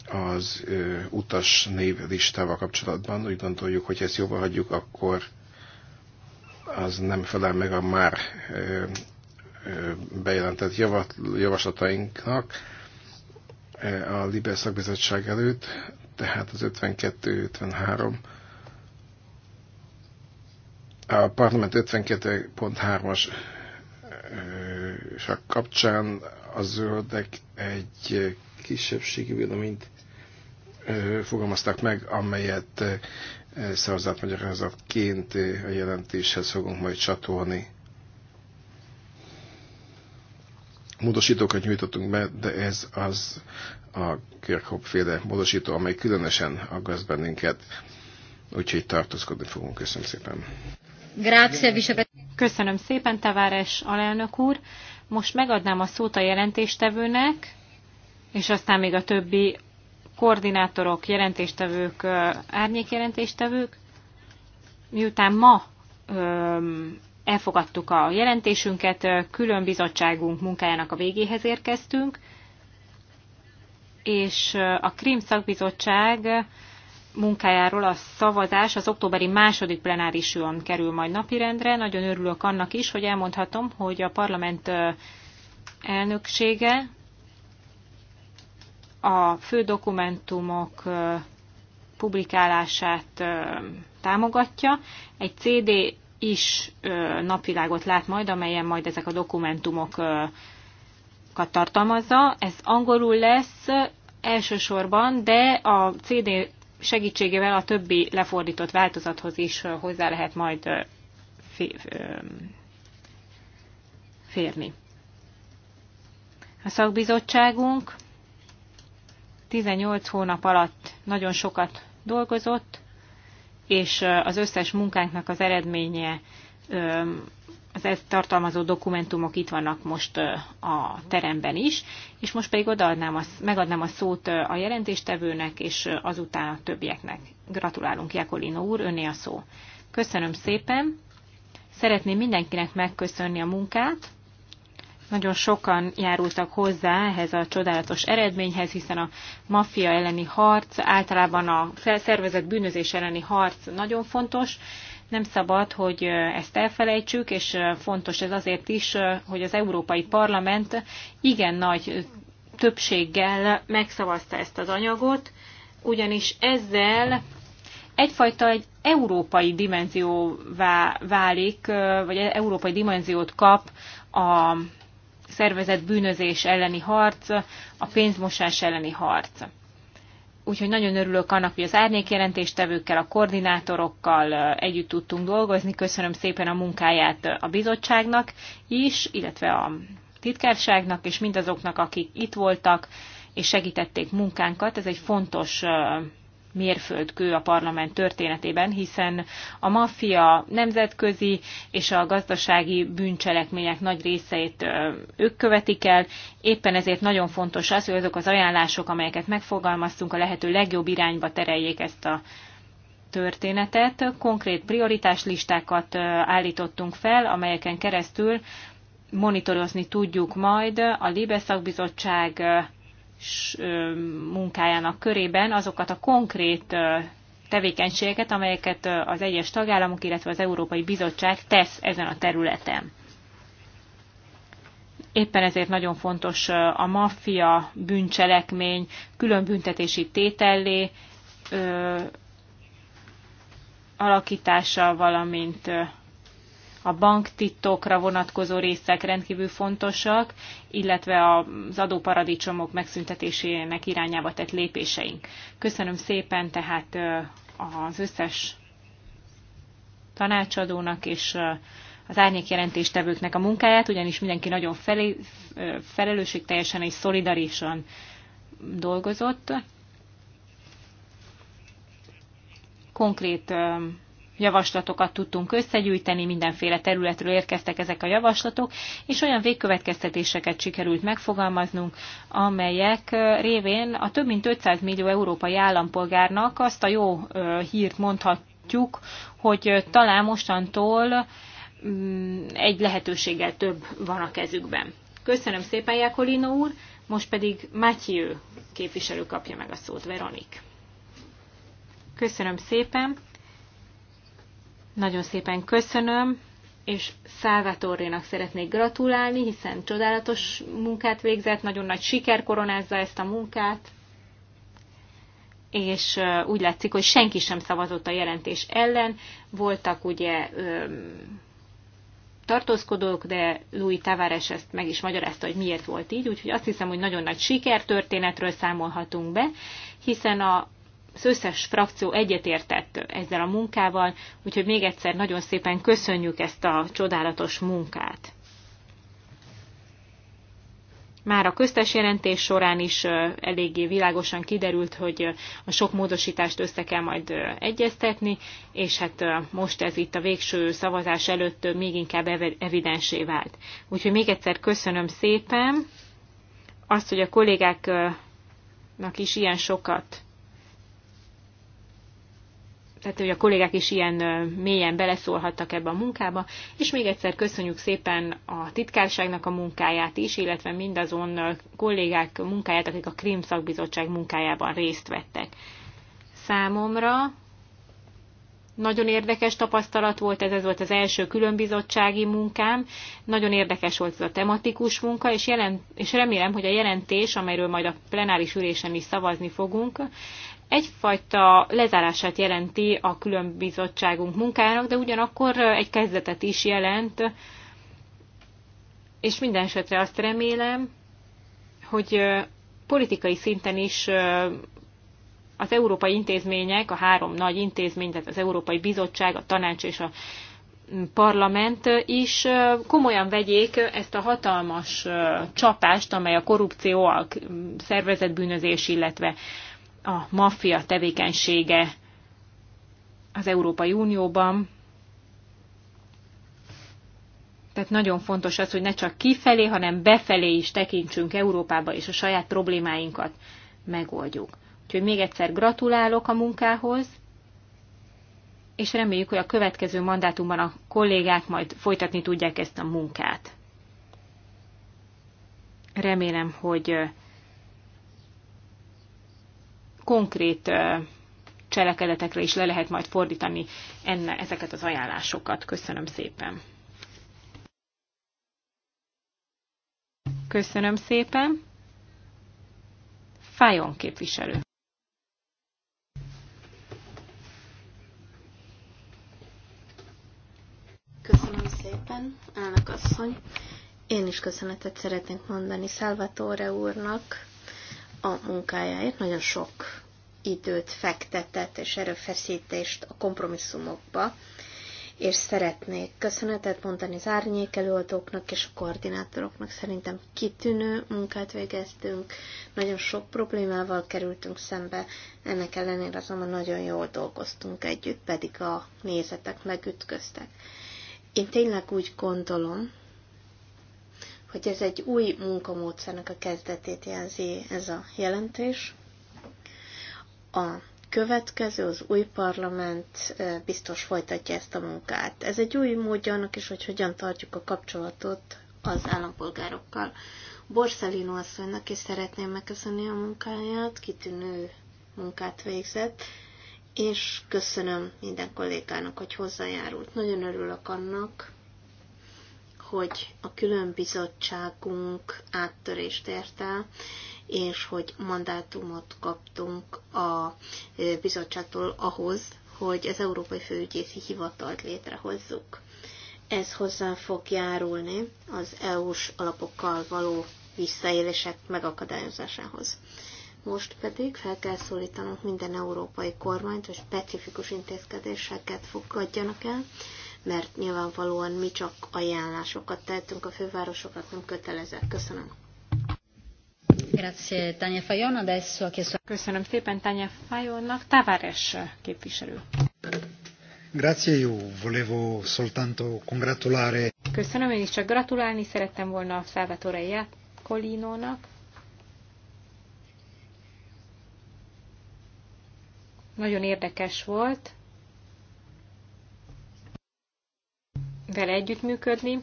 az utas név listával kapcsolatban. Úgy gondoljuk, hogy ezt jóval hagyjuk, akkor az nem felel meg a már bejelentett javaslatainknak a Libe szakbizottság előtt, tehát az 52-53 a parlament 52.3-as sak kapcsán a zöldek egy kisebbségi véleményt fogalmazták meg, amelyet szavazatmagyarázatként a jelentéshez fogunk majd csatolni. módosítókat nyújtottunk be, de ez az a Kirchhoff féle módosító, amely különösen aggaszt bennünket, úgyhogy tartózkodni fogunk. Köszönöm szépen. Köszönöm szépen, Taváres alelnök úr. Most megadnám a szót a jelentéstevőnek, és aztán még a többi koordinátorok, jelentéstevők, árnyékjelentéstevők. Miután ma elfogadtuk a jelentésünket, külön bizottságunk munkájának a végéhez érkeztünk, és a Krim szakbizottság munkájáról a szavazás az októberi második plenárison kerül majd napirendre. Nagyon örülök annak is, hogy elmondhatom, hogy a parlament elnöksége a fő dokumentumok publikálását támogatja. Egy CD is napvilágot lát majd, amelyen majd ezek a dokumentumokat tartalmazza. Ez angolul lesz elsősorban, de a CD segítségével a többi lefordított változathoz is hozzá lehet majd férni. A szakbizottságunk 18 hónap alatt nagyon sokat dolgozott, és az összes munkánknak az eredménye, az ezt tartalmazó dokumentumok itt vannak most a teremben is, és most pedig odaadnám a, megadnám a szót a jelentéstevőnek, és azután a többieknek. Gratulálunk, Jakolino úr, öné a szó. Köszönöm szépen! Szeretném mindenkinek megköszönni a munkát, nagyon sokan járultak hozzá ehhez a csodálatos eredményhez, hiszen a maffia elleni harc, általában a szervezet bűnözés elleni harc nagyon fontos. Nem szabad, hogy ezt elfelejtsük, és fontos ez azért is, hogy az Európai Parlament igen nagy többséggel megszavazta ezt az anyagot, ugyanis ezzel egyfajta egy európai dimenzióvá válik, vagy európai dimenziót kap a szervezett bűnözés elleni harc, a pénzmosás elleni harc. Úgyhogy nagyon örülök annak, hogy az árnyékjelentéstevőkkel, a koordinátorokkal együtt tudtunk dolgozni. Köszönöm szépen a munkáját a bizottságnak is, illetve a titkárságnak, és mindazoknak, akik itt voltak és segítették munkánkat. Ez egy fontos mérföldkő a parlament történetében, hiszen a maffia nemzetközi és a gazdasági bűncselekmények nagy részeit ők követik el. Éppen ezért nagyon fontos az, hogy azok az ajánlások, amelyeket megfogalmaztunk, a lehető legjobb irányba tereljék ezt a történetet. Konkrét prioritáslistákat állítottunk fel, amelyeken keresztül monitorozni tudjuk majd a Libeszakbizottság munkájának körében azokat a konkrét tevékenységeket, amelyeket az egyes tagállamok, illetve az Európai Bizottság tesz ezen a területen. Éppen ezért nagyon fontos a maffia bűncselekmény büntetési tétellé ö, alakítása, valamint a banktitokra vonatkozó részek rendkívül fontosak, illetve az adóparadicsomok megszüntetésének irányába tett lépéseink. Köszönöm szépen tehát az összes tanácsadónak és az árnyékjelentéstevőknek a munkáját, ugyanis mindenki nagyon felé, felelősségteljesen és szolidarisan dolgozott. Konkrét javaslatokat tudtunk összegyűjteni, mindenféle területről érkeztek ezek a javaslatok, és olyan végkövetkeztetéseket sikerült megfogalmaznunk, amelyek révén a több mint 500 millió európai állampolgárnak azt a jó hírt mondhatjuk, hogy talán mostantól mm, egy lehetőséggel több van a kezükben. Köszönöm szépen, Jákolino úr, most pedig Mátyő képviselő kapja meg a szót, Veronik. Köszönöm szépen. Nagyon szépen köszönöm, és Szálvátorénak szeretnék gratulálni, hiszen csodálatos munkát végzett, nagyon nagy siker koronázza ezt a munkát, és úgy látszik, hogy senki sem szavazott a jelentés ellen. Voltak ugye tartózkodók, de Louis Tavares ezt meg is magyarázta, hogy miért volt így, úgyhogy azt hiszem, hogy nagyon nagy sikertörténetről számolhatunk be, hiszen a az összes frakció egyetértett ezzel a munkával, úgyhogy még egyszer nagyon szépen köszönjük ezt a csodálatos munkát. Már a köztes jelentés során is eléggé világosan kiderült, hogy a sok módosítást össze kell majd egyeztetni, és hát most ez itt a végső szavazás előtt még inkább evidensé vált. Úgyhogy még egyszer köszönöm szépen azt, hogy a kollégáknak is ilyen sokat tehát hogy a kollégák is ilyen mélyen beleszólhattak ebbe a munkába, és még egyszer köszönjük szépen a titkárságnak a munkáját is, illetve mindazon kollégák munkáját, akik a Krim szakbizottság munkájában részt vettek. Számomra nagyon érdekes tapasztalat volt, ez, ez volt az első különbizottsági munkám, nagyon érdekes volt ez a tematikus munka, és, jelent, és remélem, hogy a jelentés, amelyről majd a plenáris ülésen is szavazni fogunk, egyfajta lezárását jelenti a különbizottságunk munkának, de ugyanakkor egy kezdetet is jelent, és minden esetre azt remélem, hogy politikai szinten is az európai intézmények, a három nagy intézmény, tehát az Európai Bizottság, a Tanács és a Parlament is komolyan vegyék ezt a hatalmas csapást, amely a korrupció, a szervezetbűnözés, illetve a maffia tevékenysége az Európai Unióban. Tehát nagyon fontos az, hogy ne csak kifelé, hanem befelé is tekintsünk Európába, és a saját problémáinkat megoldjuk. Úgyhogy még egyszer gratulálok a munkához, és reméljük, hogy a következő mandátumban a kollégák majd folytatni tudják ezt a munkát. Remélem, hogy konkrét cselekedetekre is le lehet majd fordítani enne ezeket az ajánlásokat. Köszönöm szépen! Köszönöm szépen! Fájon képviselő. Köszönöm szépen, elnök asszony. Én is köszönetet szeretnék mondani Salvatore úrnak a munkájáért. Nagyon sok időt fektetett és erőfeszítést a kompromisszumokba, és szeretnék köszönetet mondani az árnyékelőadóknak és a koordinátoroknak. Szerintem kitűnő munkát végeztünk, nagyon sok problémával kerültünk szembe, ennek ellenére azonban nagyon jól dolgoztunk együtt, pedig a nézetek megütköztek. Én tényleg úgy gondolom, hogy ez egy új munkamódszernek a kezdetét jelzi ez a jelentés. A következő, az új parlament biztos folytatja ezt a munkát. Ez egy új módja annak is, hogy hogyan tartjuk a kapcsolatot az állampolgárokkal. Borszelino asszonynak is szeretném megköszönni a munkáját, kitűnő munkát végzett, és köszönöm minden kollégának, hogy hozzájárult. Nagyon örülök annak, hogy a külön bizottságunk áttörést ért el, és hogy mandátumot kaptunk a bizottságtól ahhoz, hogy az Európai Főügyészi Hivatalt létrehozzuk. Ez hozzá fog járulni az EU-s alapokkal való visszaélések megakadályozásához. Most pedig fel kell szólítanunk minden európai kormányt, hogy specifikus intézkedéseket fogadjanak el, mert nyilvánvalóan mi csak ajánlásokat tehetünk, a fővárosokat nem kötelezek. Köszönöm. Grazie, Köszönöm szépen Tanya Fajonnak. Tavares képviselő. Grazie, io volevo soltanto congratulare. Köszönöm, én is csak gratulálni szerettem volna a Salvatore Iacolinónak Nagyon érdekes volt vele együttműködni.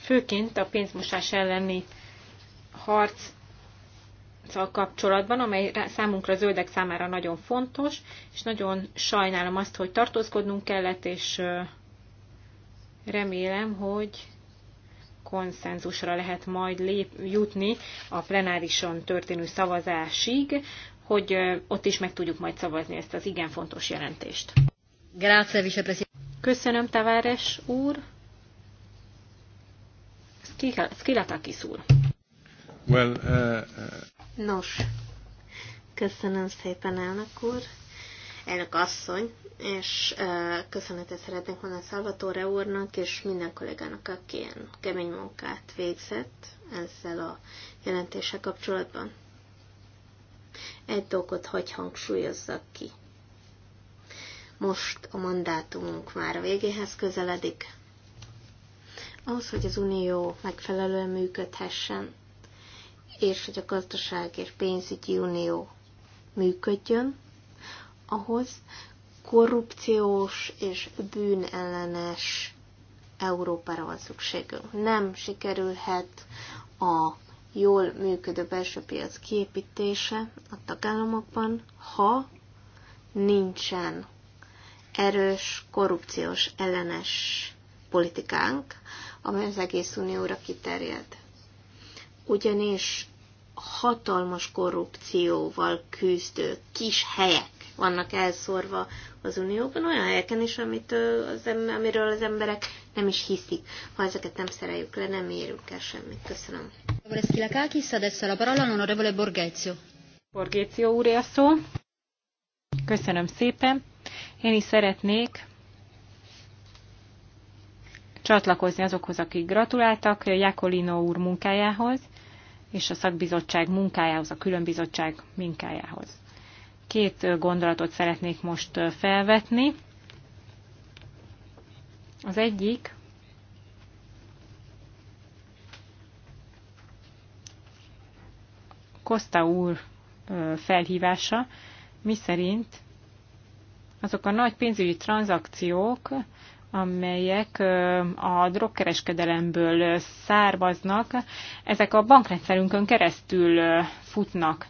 Főként a pénzmosás elleni harc kapcsolatban, amely számunkra zöldek számára nagyon fontos, és nagyon sajnálom azt, hogy tartózkodnunk kellett, és remélem, hogy konszenzusra lehet majd lép, jutni a plenárison történő szavazásig, hogy ott is meg tudjuk majd szavazni ezt az igen fontos jelentést. Köszönöm, Taváres úr. Skilatakis úr. Well, uh, uh... Nos, köszönöm szépen, elnök úr. Elnök asszony, és köszönetet szeretnék mondani Salvatore úrnak és minden kollégának, aki ilyen kemény munkát végzett ezzel a jelentéssel kapcsolatban. Egy dolgot hagy hangsúlyozzak ki. Most a mandátumunk már a végéhez közeledik. Ahhoz, hogy az Unió megfelelően működhessen, és hogy a gazdaság és pénzügyi unió működjön, ahhoz korrupciós és bűnellenes Európára van szükségünk. Nem sikerülhet a jól működő belső piac kiépítése a tagállamokban, ha nincsen erős, korrupciós, ellenes politikánk, amely az egész unióra kiterjed. Ugyanis hatalmas korrupcióval küzdő kis helyek vannak elszórva az Unióban, olyan helyeken is, amit az, amiről az emberek nem is hiszik. Ha ezeket nem szereljük le, nem érünk el semmit. Köszönöm. Borgécio úr a szó. Köszönöm szépen. Én is szeretnék csatlakozni azokhoz, akik gratuláltak Jakolino úr munkájához, és a szakbizottság munkájához, a különbizottság munkájához. Két gondolatot szeretnék most felvetni. Az egyik Kosta úr felhívása, mi szerint azok a nagy pénzügyi tranzakciók, amelyek a drogkereskedelemből származnak, ezek a bankrendszerünkön keresztül futnak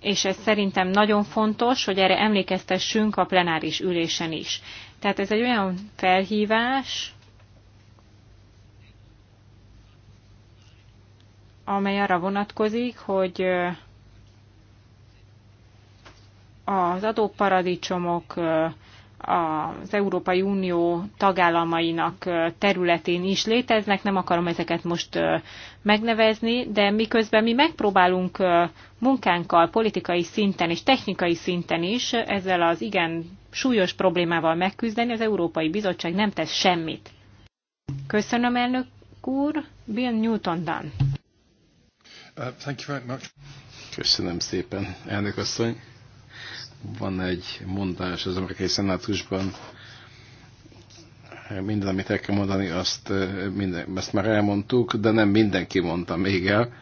és ez szerintem nagyon fontos, hogy erre emlékeztessünk a plenáris ülésen is. Tehát ez egy olyan felhívás, amely arra vonatkozik, hogy az adóparadicsomok az Európai Unió tagállamainak területén is léteznek, nem akarom ezeket most megnevezni, de miközben mi megpróbálunk munkánkkal, politikai szinten és technikai szinten is ezzel az igen súlyos problémával megküzdeni, az Európai Bizottság nem tesz semmit. Köszönöm, elnök úr, Bill Newton Dunn. Uh, thank you very much. Köszönöm szépen, elnök asszony. Van egy mondás az amerikai szenátusban, minden, amit el kell mondani, azt, minden, ezt már elmondtuk, de nem mindenki mondta még el.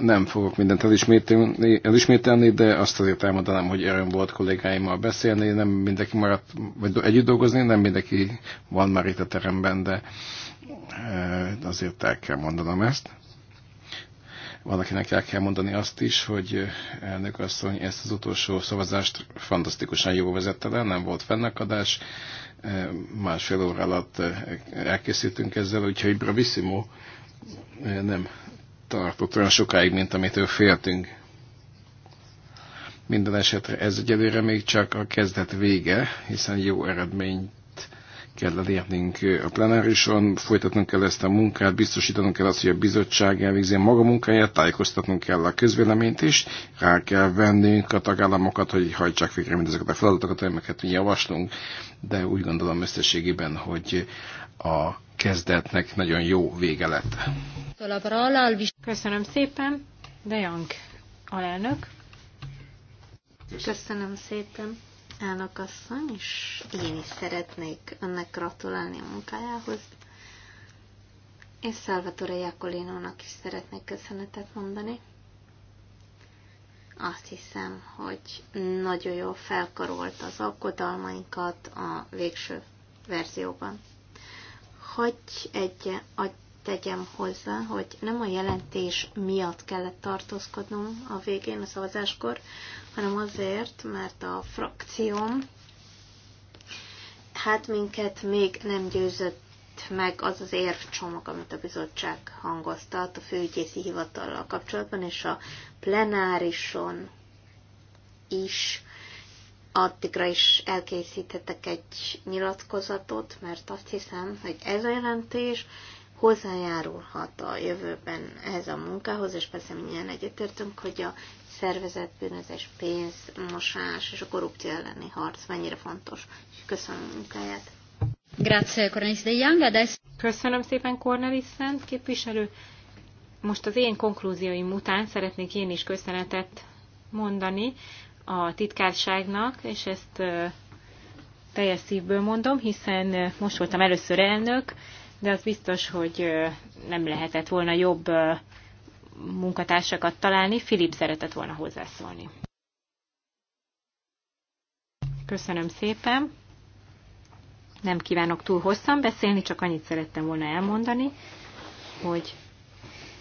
Nem fogok mindent elismételni, elismételni de azt azért elmondanám, hogy öröm volt kollégáimmal beszélni, nem mindenki maradt, vagy együtt dolgozni, nem mindenki van már itt a teremben, de azért el kell mondanom ezt. Van, akinek el kell mondani azt is, hogy elnök asszony ezt az utolsó szavazást fantasztikusan jó vezette le, nem volt fennakadás, másfél óra alatt elkészítünk ezzel, úgyhogy bravissimo nem tartott olyan sokáig, mint amitől féltünk. Minden esetre ez egyelőre még csak a kezdet vége, hiszen jó eredményt kell elérnünk a plenárison, folytatnunk kell ezt a munkát, biztosítanunk kell azt, hogy a bizottság elvégzi a maga munkáját, tájékoztatnunk kell a közvéleményt is, rá kell vennünk a tagállamokat, hogy hajtsák végre mindezeket a feladatokat, amiket mi javaslunk, de úgy gondolom összességében, hogy a kezdetnek nagyon jó vége lett. Köszönöm szépen, De Jank, alelnök. Köszönöm szépen elnök asszony, és én is szeretnék önnek gratulálni a munkájához. És Salvatore Jakolinónak is szeretnék köszönetet mondani. Azt hiszem, hogy nagyon jól felkarolt az alkodalmainkat a végső verzióban. Hogy egy, egy tegyem hozzá, hogy nem a jelentés miatt kellett tartózkodnom a végén a szavazáskor, hanem azért, mert a frakcióm hát minket még nem győzött meg az az érvcsomag, amit a bizottság hangoztat a főügyészi hivatallal kapcsolatban, és a plenárison is addigra is elkészíthetek egy nyilatkozatot, mert azt hiszem, hogy ez a jelentés hozzájárulhat a jövőben ehhez a munkához, és persze minnyien egyetértünk, hogy a szervezett bűnözés, pénzmosás és a korrupció elleni harc mennyire fontos. Köszönöm a munkáját. Grazie, Cornelis de Young. Köszönöm szépen, Cornelis Szent képviselő. Most az én konklúzióim után szeretnék én is köszönetet mondani a titkárságnak, és ezt teljes szívből mondom, hiszen most voltam először elnök, de az biztos, hogy nem lehetett volna jobb munkatársakat találni. Filip szeretett volna hozzászólni. Köszönöm szépen. Nem kívánok túl hosszan beszélni, csak annyit szerettem volna elmondani, hogy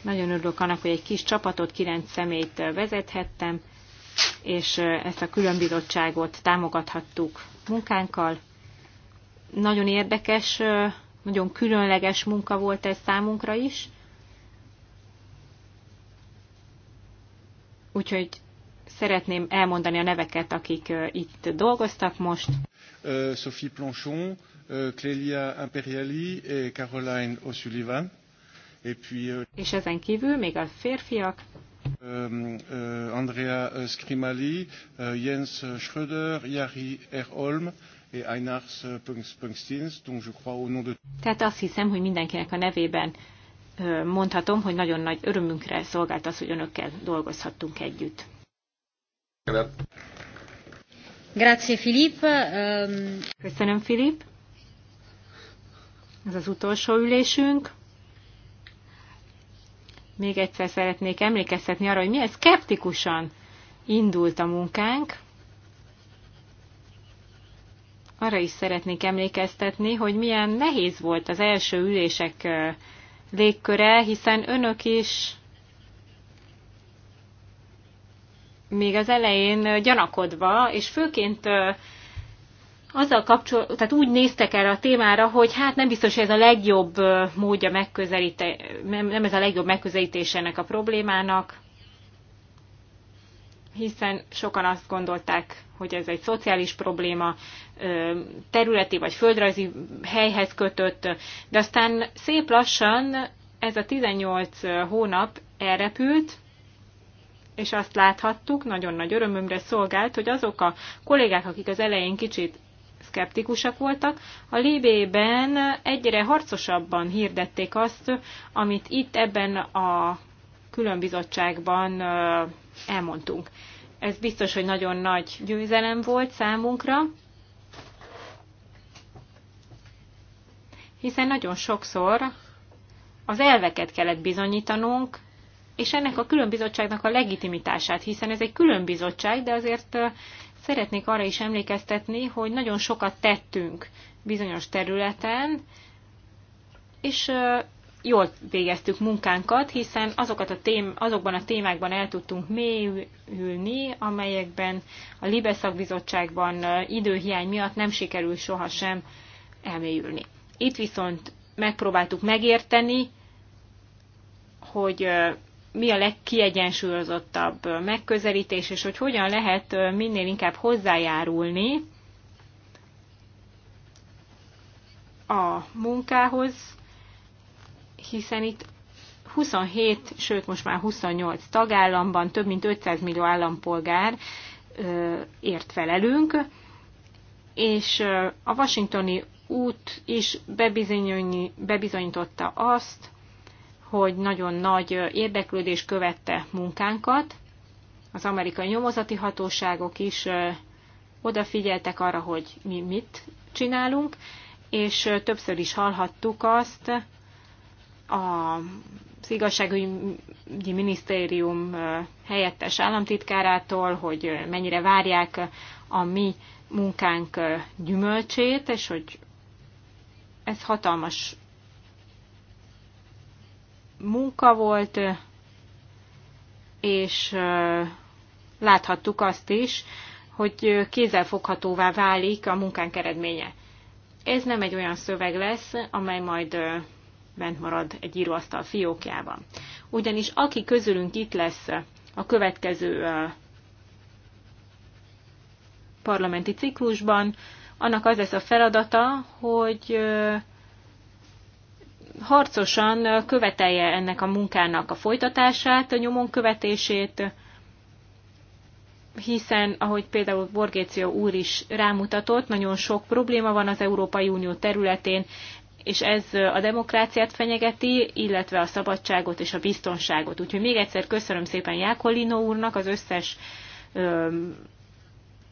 nagyon örülök annak, hogy egy kis csapatot, kilenc személyt vezethettem, és ezt a különbizottságot támogathattuk munkánkkal. Nagyon érdekes, nagyon különleges munka volt ez számunkra is, Úgyhogy szeretném elmondani a neveket, akik itt dolgoztak most. Sophie Planchon, Clélia Imperiali és Caroline O'Sullivan. Et puis, euh, és ezen kívül még a férfiak. Euh, euh, Andrea Skrimali, Jens Schröder, Jari Erholm és Einars Pungstins, dont je crois au nom de... Tehát azt hiszem, hogy mindenkinek a nevében mondhatom, hogy nagyon nagy örömünkre szolgált az, hogy önökkel dolgozhattunk együtt. Grazie Filip. Ehm, Köszönöm Filip. Ez az utolsó ülésünk. Még egyszer szeretnék emlékeztetni arra, hogy milyen szkeptikusan indult a munkánk. Arra is szeretnék emlékeztetni, hogy milyen nehéz volt az első ülések eh, légköre, hiszen önök is még az elején gyanakodva, és főként azzal kapcsol, tehát úgy néztek erre a témára, hogy hát nem biztos, hogy ez a legjobb módja megközelíte, nem ez a legjobb megközelítés ennek a problémának hiszen sokan azt gondolták, hogy ez egy szociális probléma, területi vagy földrajzi helyhez kötött, de aztán szép lassan ez a 18 hónap elrepült, és azt láthattuk, nagyon nagy örömömre szolgált, hogy azok a kollégák, akik az elején kicsit szkeptikusak voltak, a Libében egyre harcosabban hirdették azt, amit itt ebben a külön bizottságban elmondtunk. Ez biztos, hogy nagyon nagy győzelem volt számunkra, hiszen nagyon sokszor az elveket kellett bizonyítanunk, és ennek a különbizottságnak a legitimitását, hiszen ez egy különbizottság, de azért szeretnék arra is emlékeztetni, hogy nagyon sokat tettünk bizonyos területen, és jól végeztük munkánkat, hiszen azokat a tém, azokban a témákban el tudtunk mélyülni, amelyekben a Libeszakbizottságban időhiány miatt nem sikerül sohasem elmélyülni. Itt viszont megpróbáltuk megérteni, hogy mi a legkiegyensúlyozottabb megközelítés, és hogy hogyan lehet minél inkább hozzájárulni a munkához, hiszen itt 27, sőt most már 28 tagállamban több mint 500 millió állampolgár ért felelünk, és a washingtoni út is bebizonyította azt, hogy nagyon nagy érdeklődés követte munkánkat. Az amerikai nyomozati hatóságok is odafigyeltek arra, hogy mi mit csinálunk, és többször is hallhattuk azt, a az igazságügyi minisztérium helyettes államtitkárától, hogy mennyire várják a mi munkánk gyümölcsét, és hogy ez hatalmas munka volt, és láthattuk azt is, hogy kézzelfoghatóvá válik a munkánk eredménye. Ez nem egy olyan szöveg lesz, amely majd bent marad egy íróasztal fiókjában. Ugyanis aki közülünk itt lesz a következő parlamenti ciklusban, annak az lesz a feladata, hogy harcosan követelje ennek a munkának a folytatását, a nyomon követését, hiszen, ahogy például Borgécio úr is rámutatott, nagyon sok probléma van az Európai Unió területén, és ez a demokráciát fenyegeti, illetve a szabadságot és a biztonságot. Úgyhogy még egyszer köszönöm szépen Jákolino úrnak, az összes ö,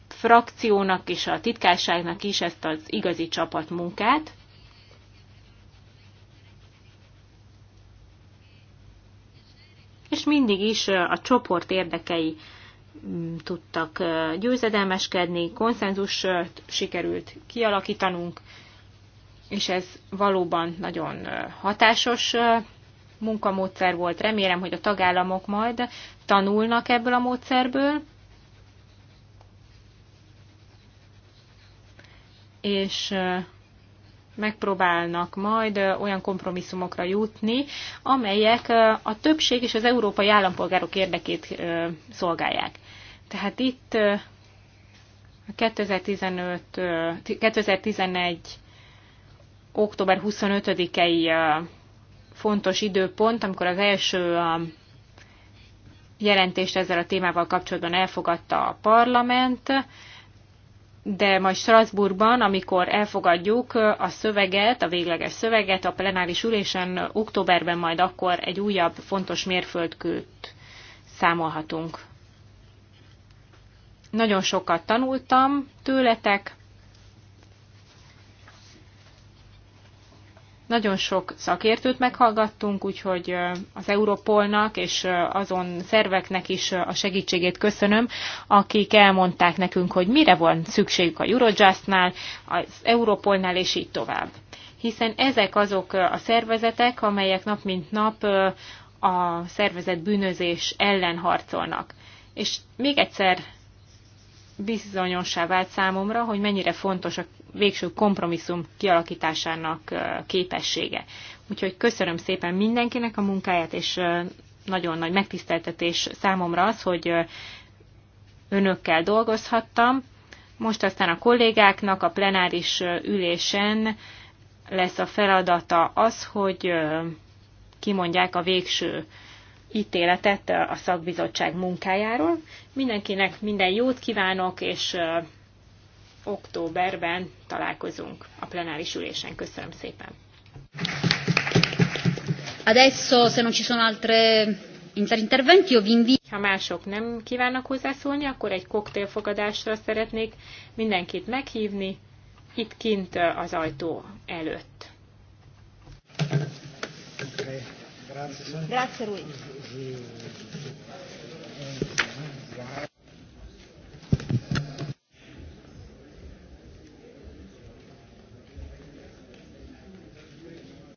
frakciónak és a titkárságnak is ezt az igazi csapatmunkát. És mindig is a csoport érdekei mm, tudtak győzedelmeskedni, konszenzus sikerült kialakítanunk, és ez valóban nagyon hatásos munkamódszer volt. Remélem, hogy a tagállamok majd tanulnak ebből a módszerből, és megpróbálnak majd olyan kompromisszumokra jutni, amelyek a többség és az európai állampolgárok érdekét szolgálják. Tehát itt 2015, 2011 október 25 ei fontos időpont, amikor az első jelentést ezzel a témával kapcsolatban elfogadta a parlament, de majd Strasbourgban, amikor elfogadjuk a szöveget, a végleges szöveget, a plenáris ülésen októberben majd akkor egy újabb fontos mérföldkőt számolhatunk. Nagyon sokat tanultam tőletek, Nagyon sok szakértőt meghallgattunk, úgyhogy az Europolnak és azon szerveknek is a segítségét köszönöm, akik elmondták nekünk, hogy mire van szükségük a Eurojustnál, az Europolnál és így tovább. Hiszen ezek azok a szervezetek, amelyek nap mint nap a szervezet bűnözés ellen harcolnak. És még egyszer bizonyossá vált számomra, hogy mennyire fontos a végső kompromisszum kialakításának képessége. Úgyhogy köszönöm szépen mindenkinek a munkáját, és nagyon nagy megtiszteltetés számomra az, hogy önökkel dolgozhattam. Most aztán a kollégáknak a plenáris ülésen lesz a feladata az, hogy kimondják a végső ítéletet a szakbizottság munkájáról. Mindenkinek minden jót kívánok, és októberben találkozunk a plenáris ülésen. Köszönöm szépen. Adesso, se non ci sono altre interventi, io vi invito... Ha mások nem kívánnak hozzászólni, akkor egy koktélfogadásra szeretnék mindenkit meghívni, itt kint az ajtó előtt. Grazie Rui.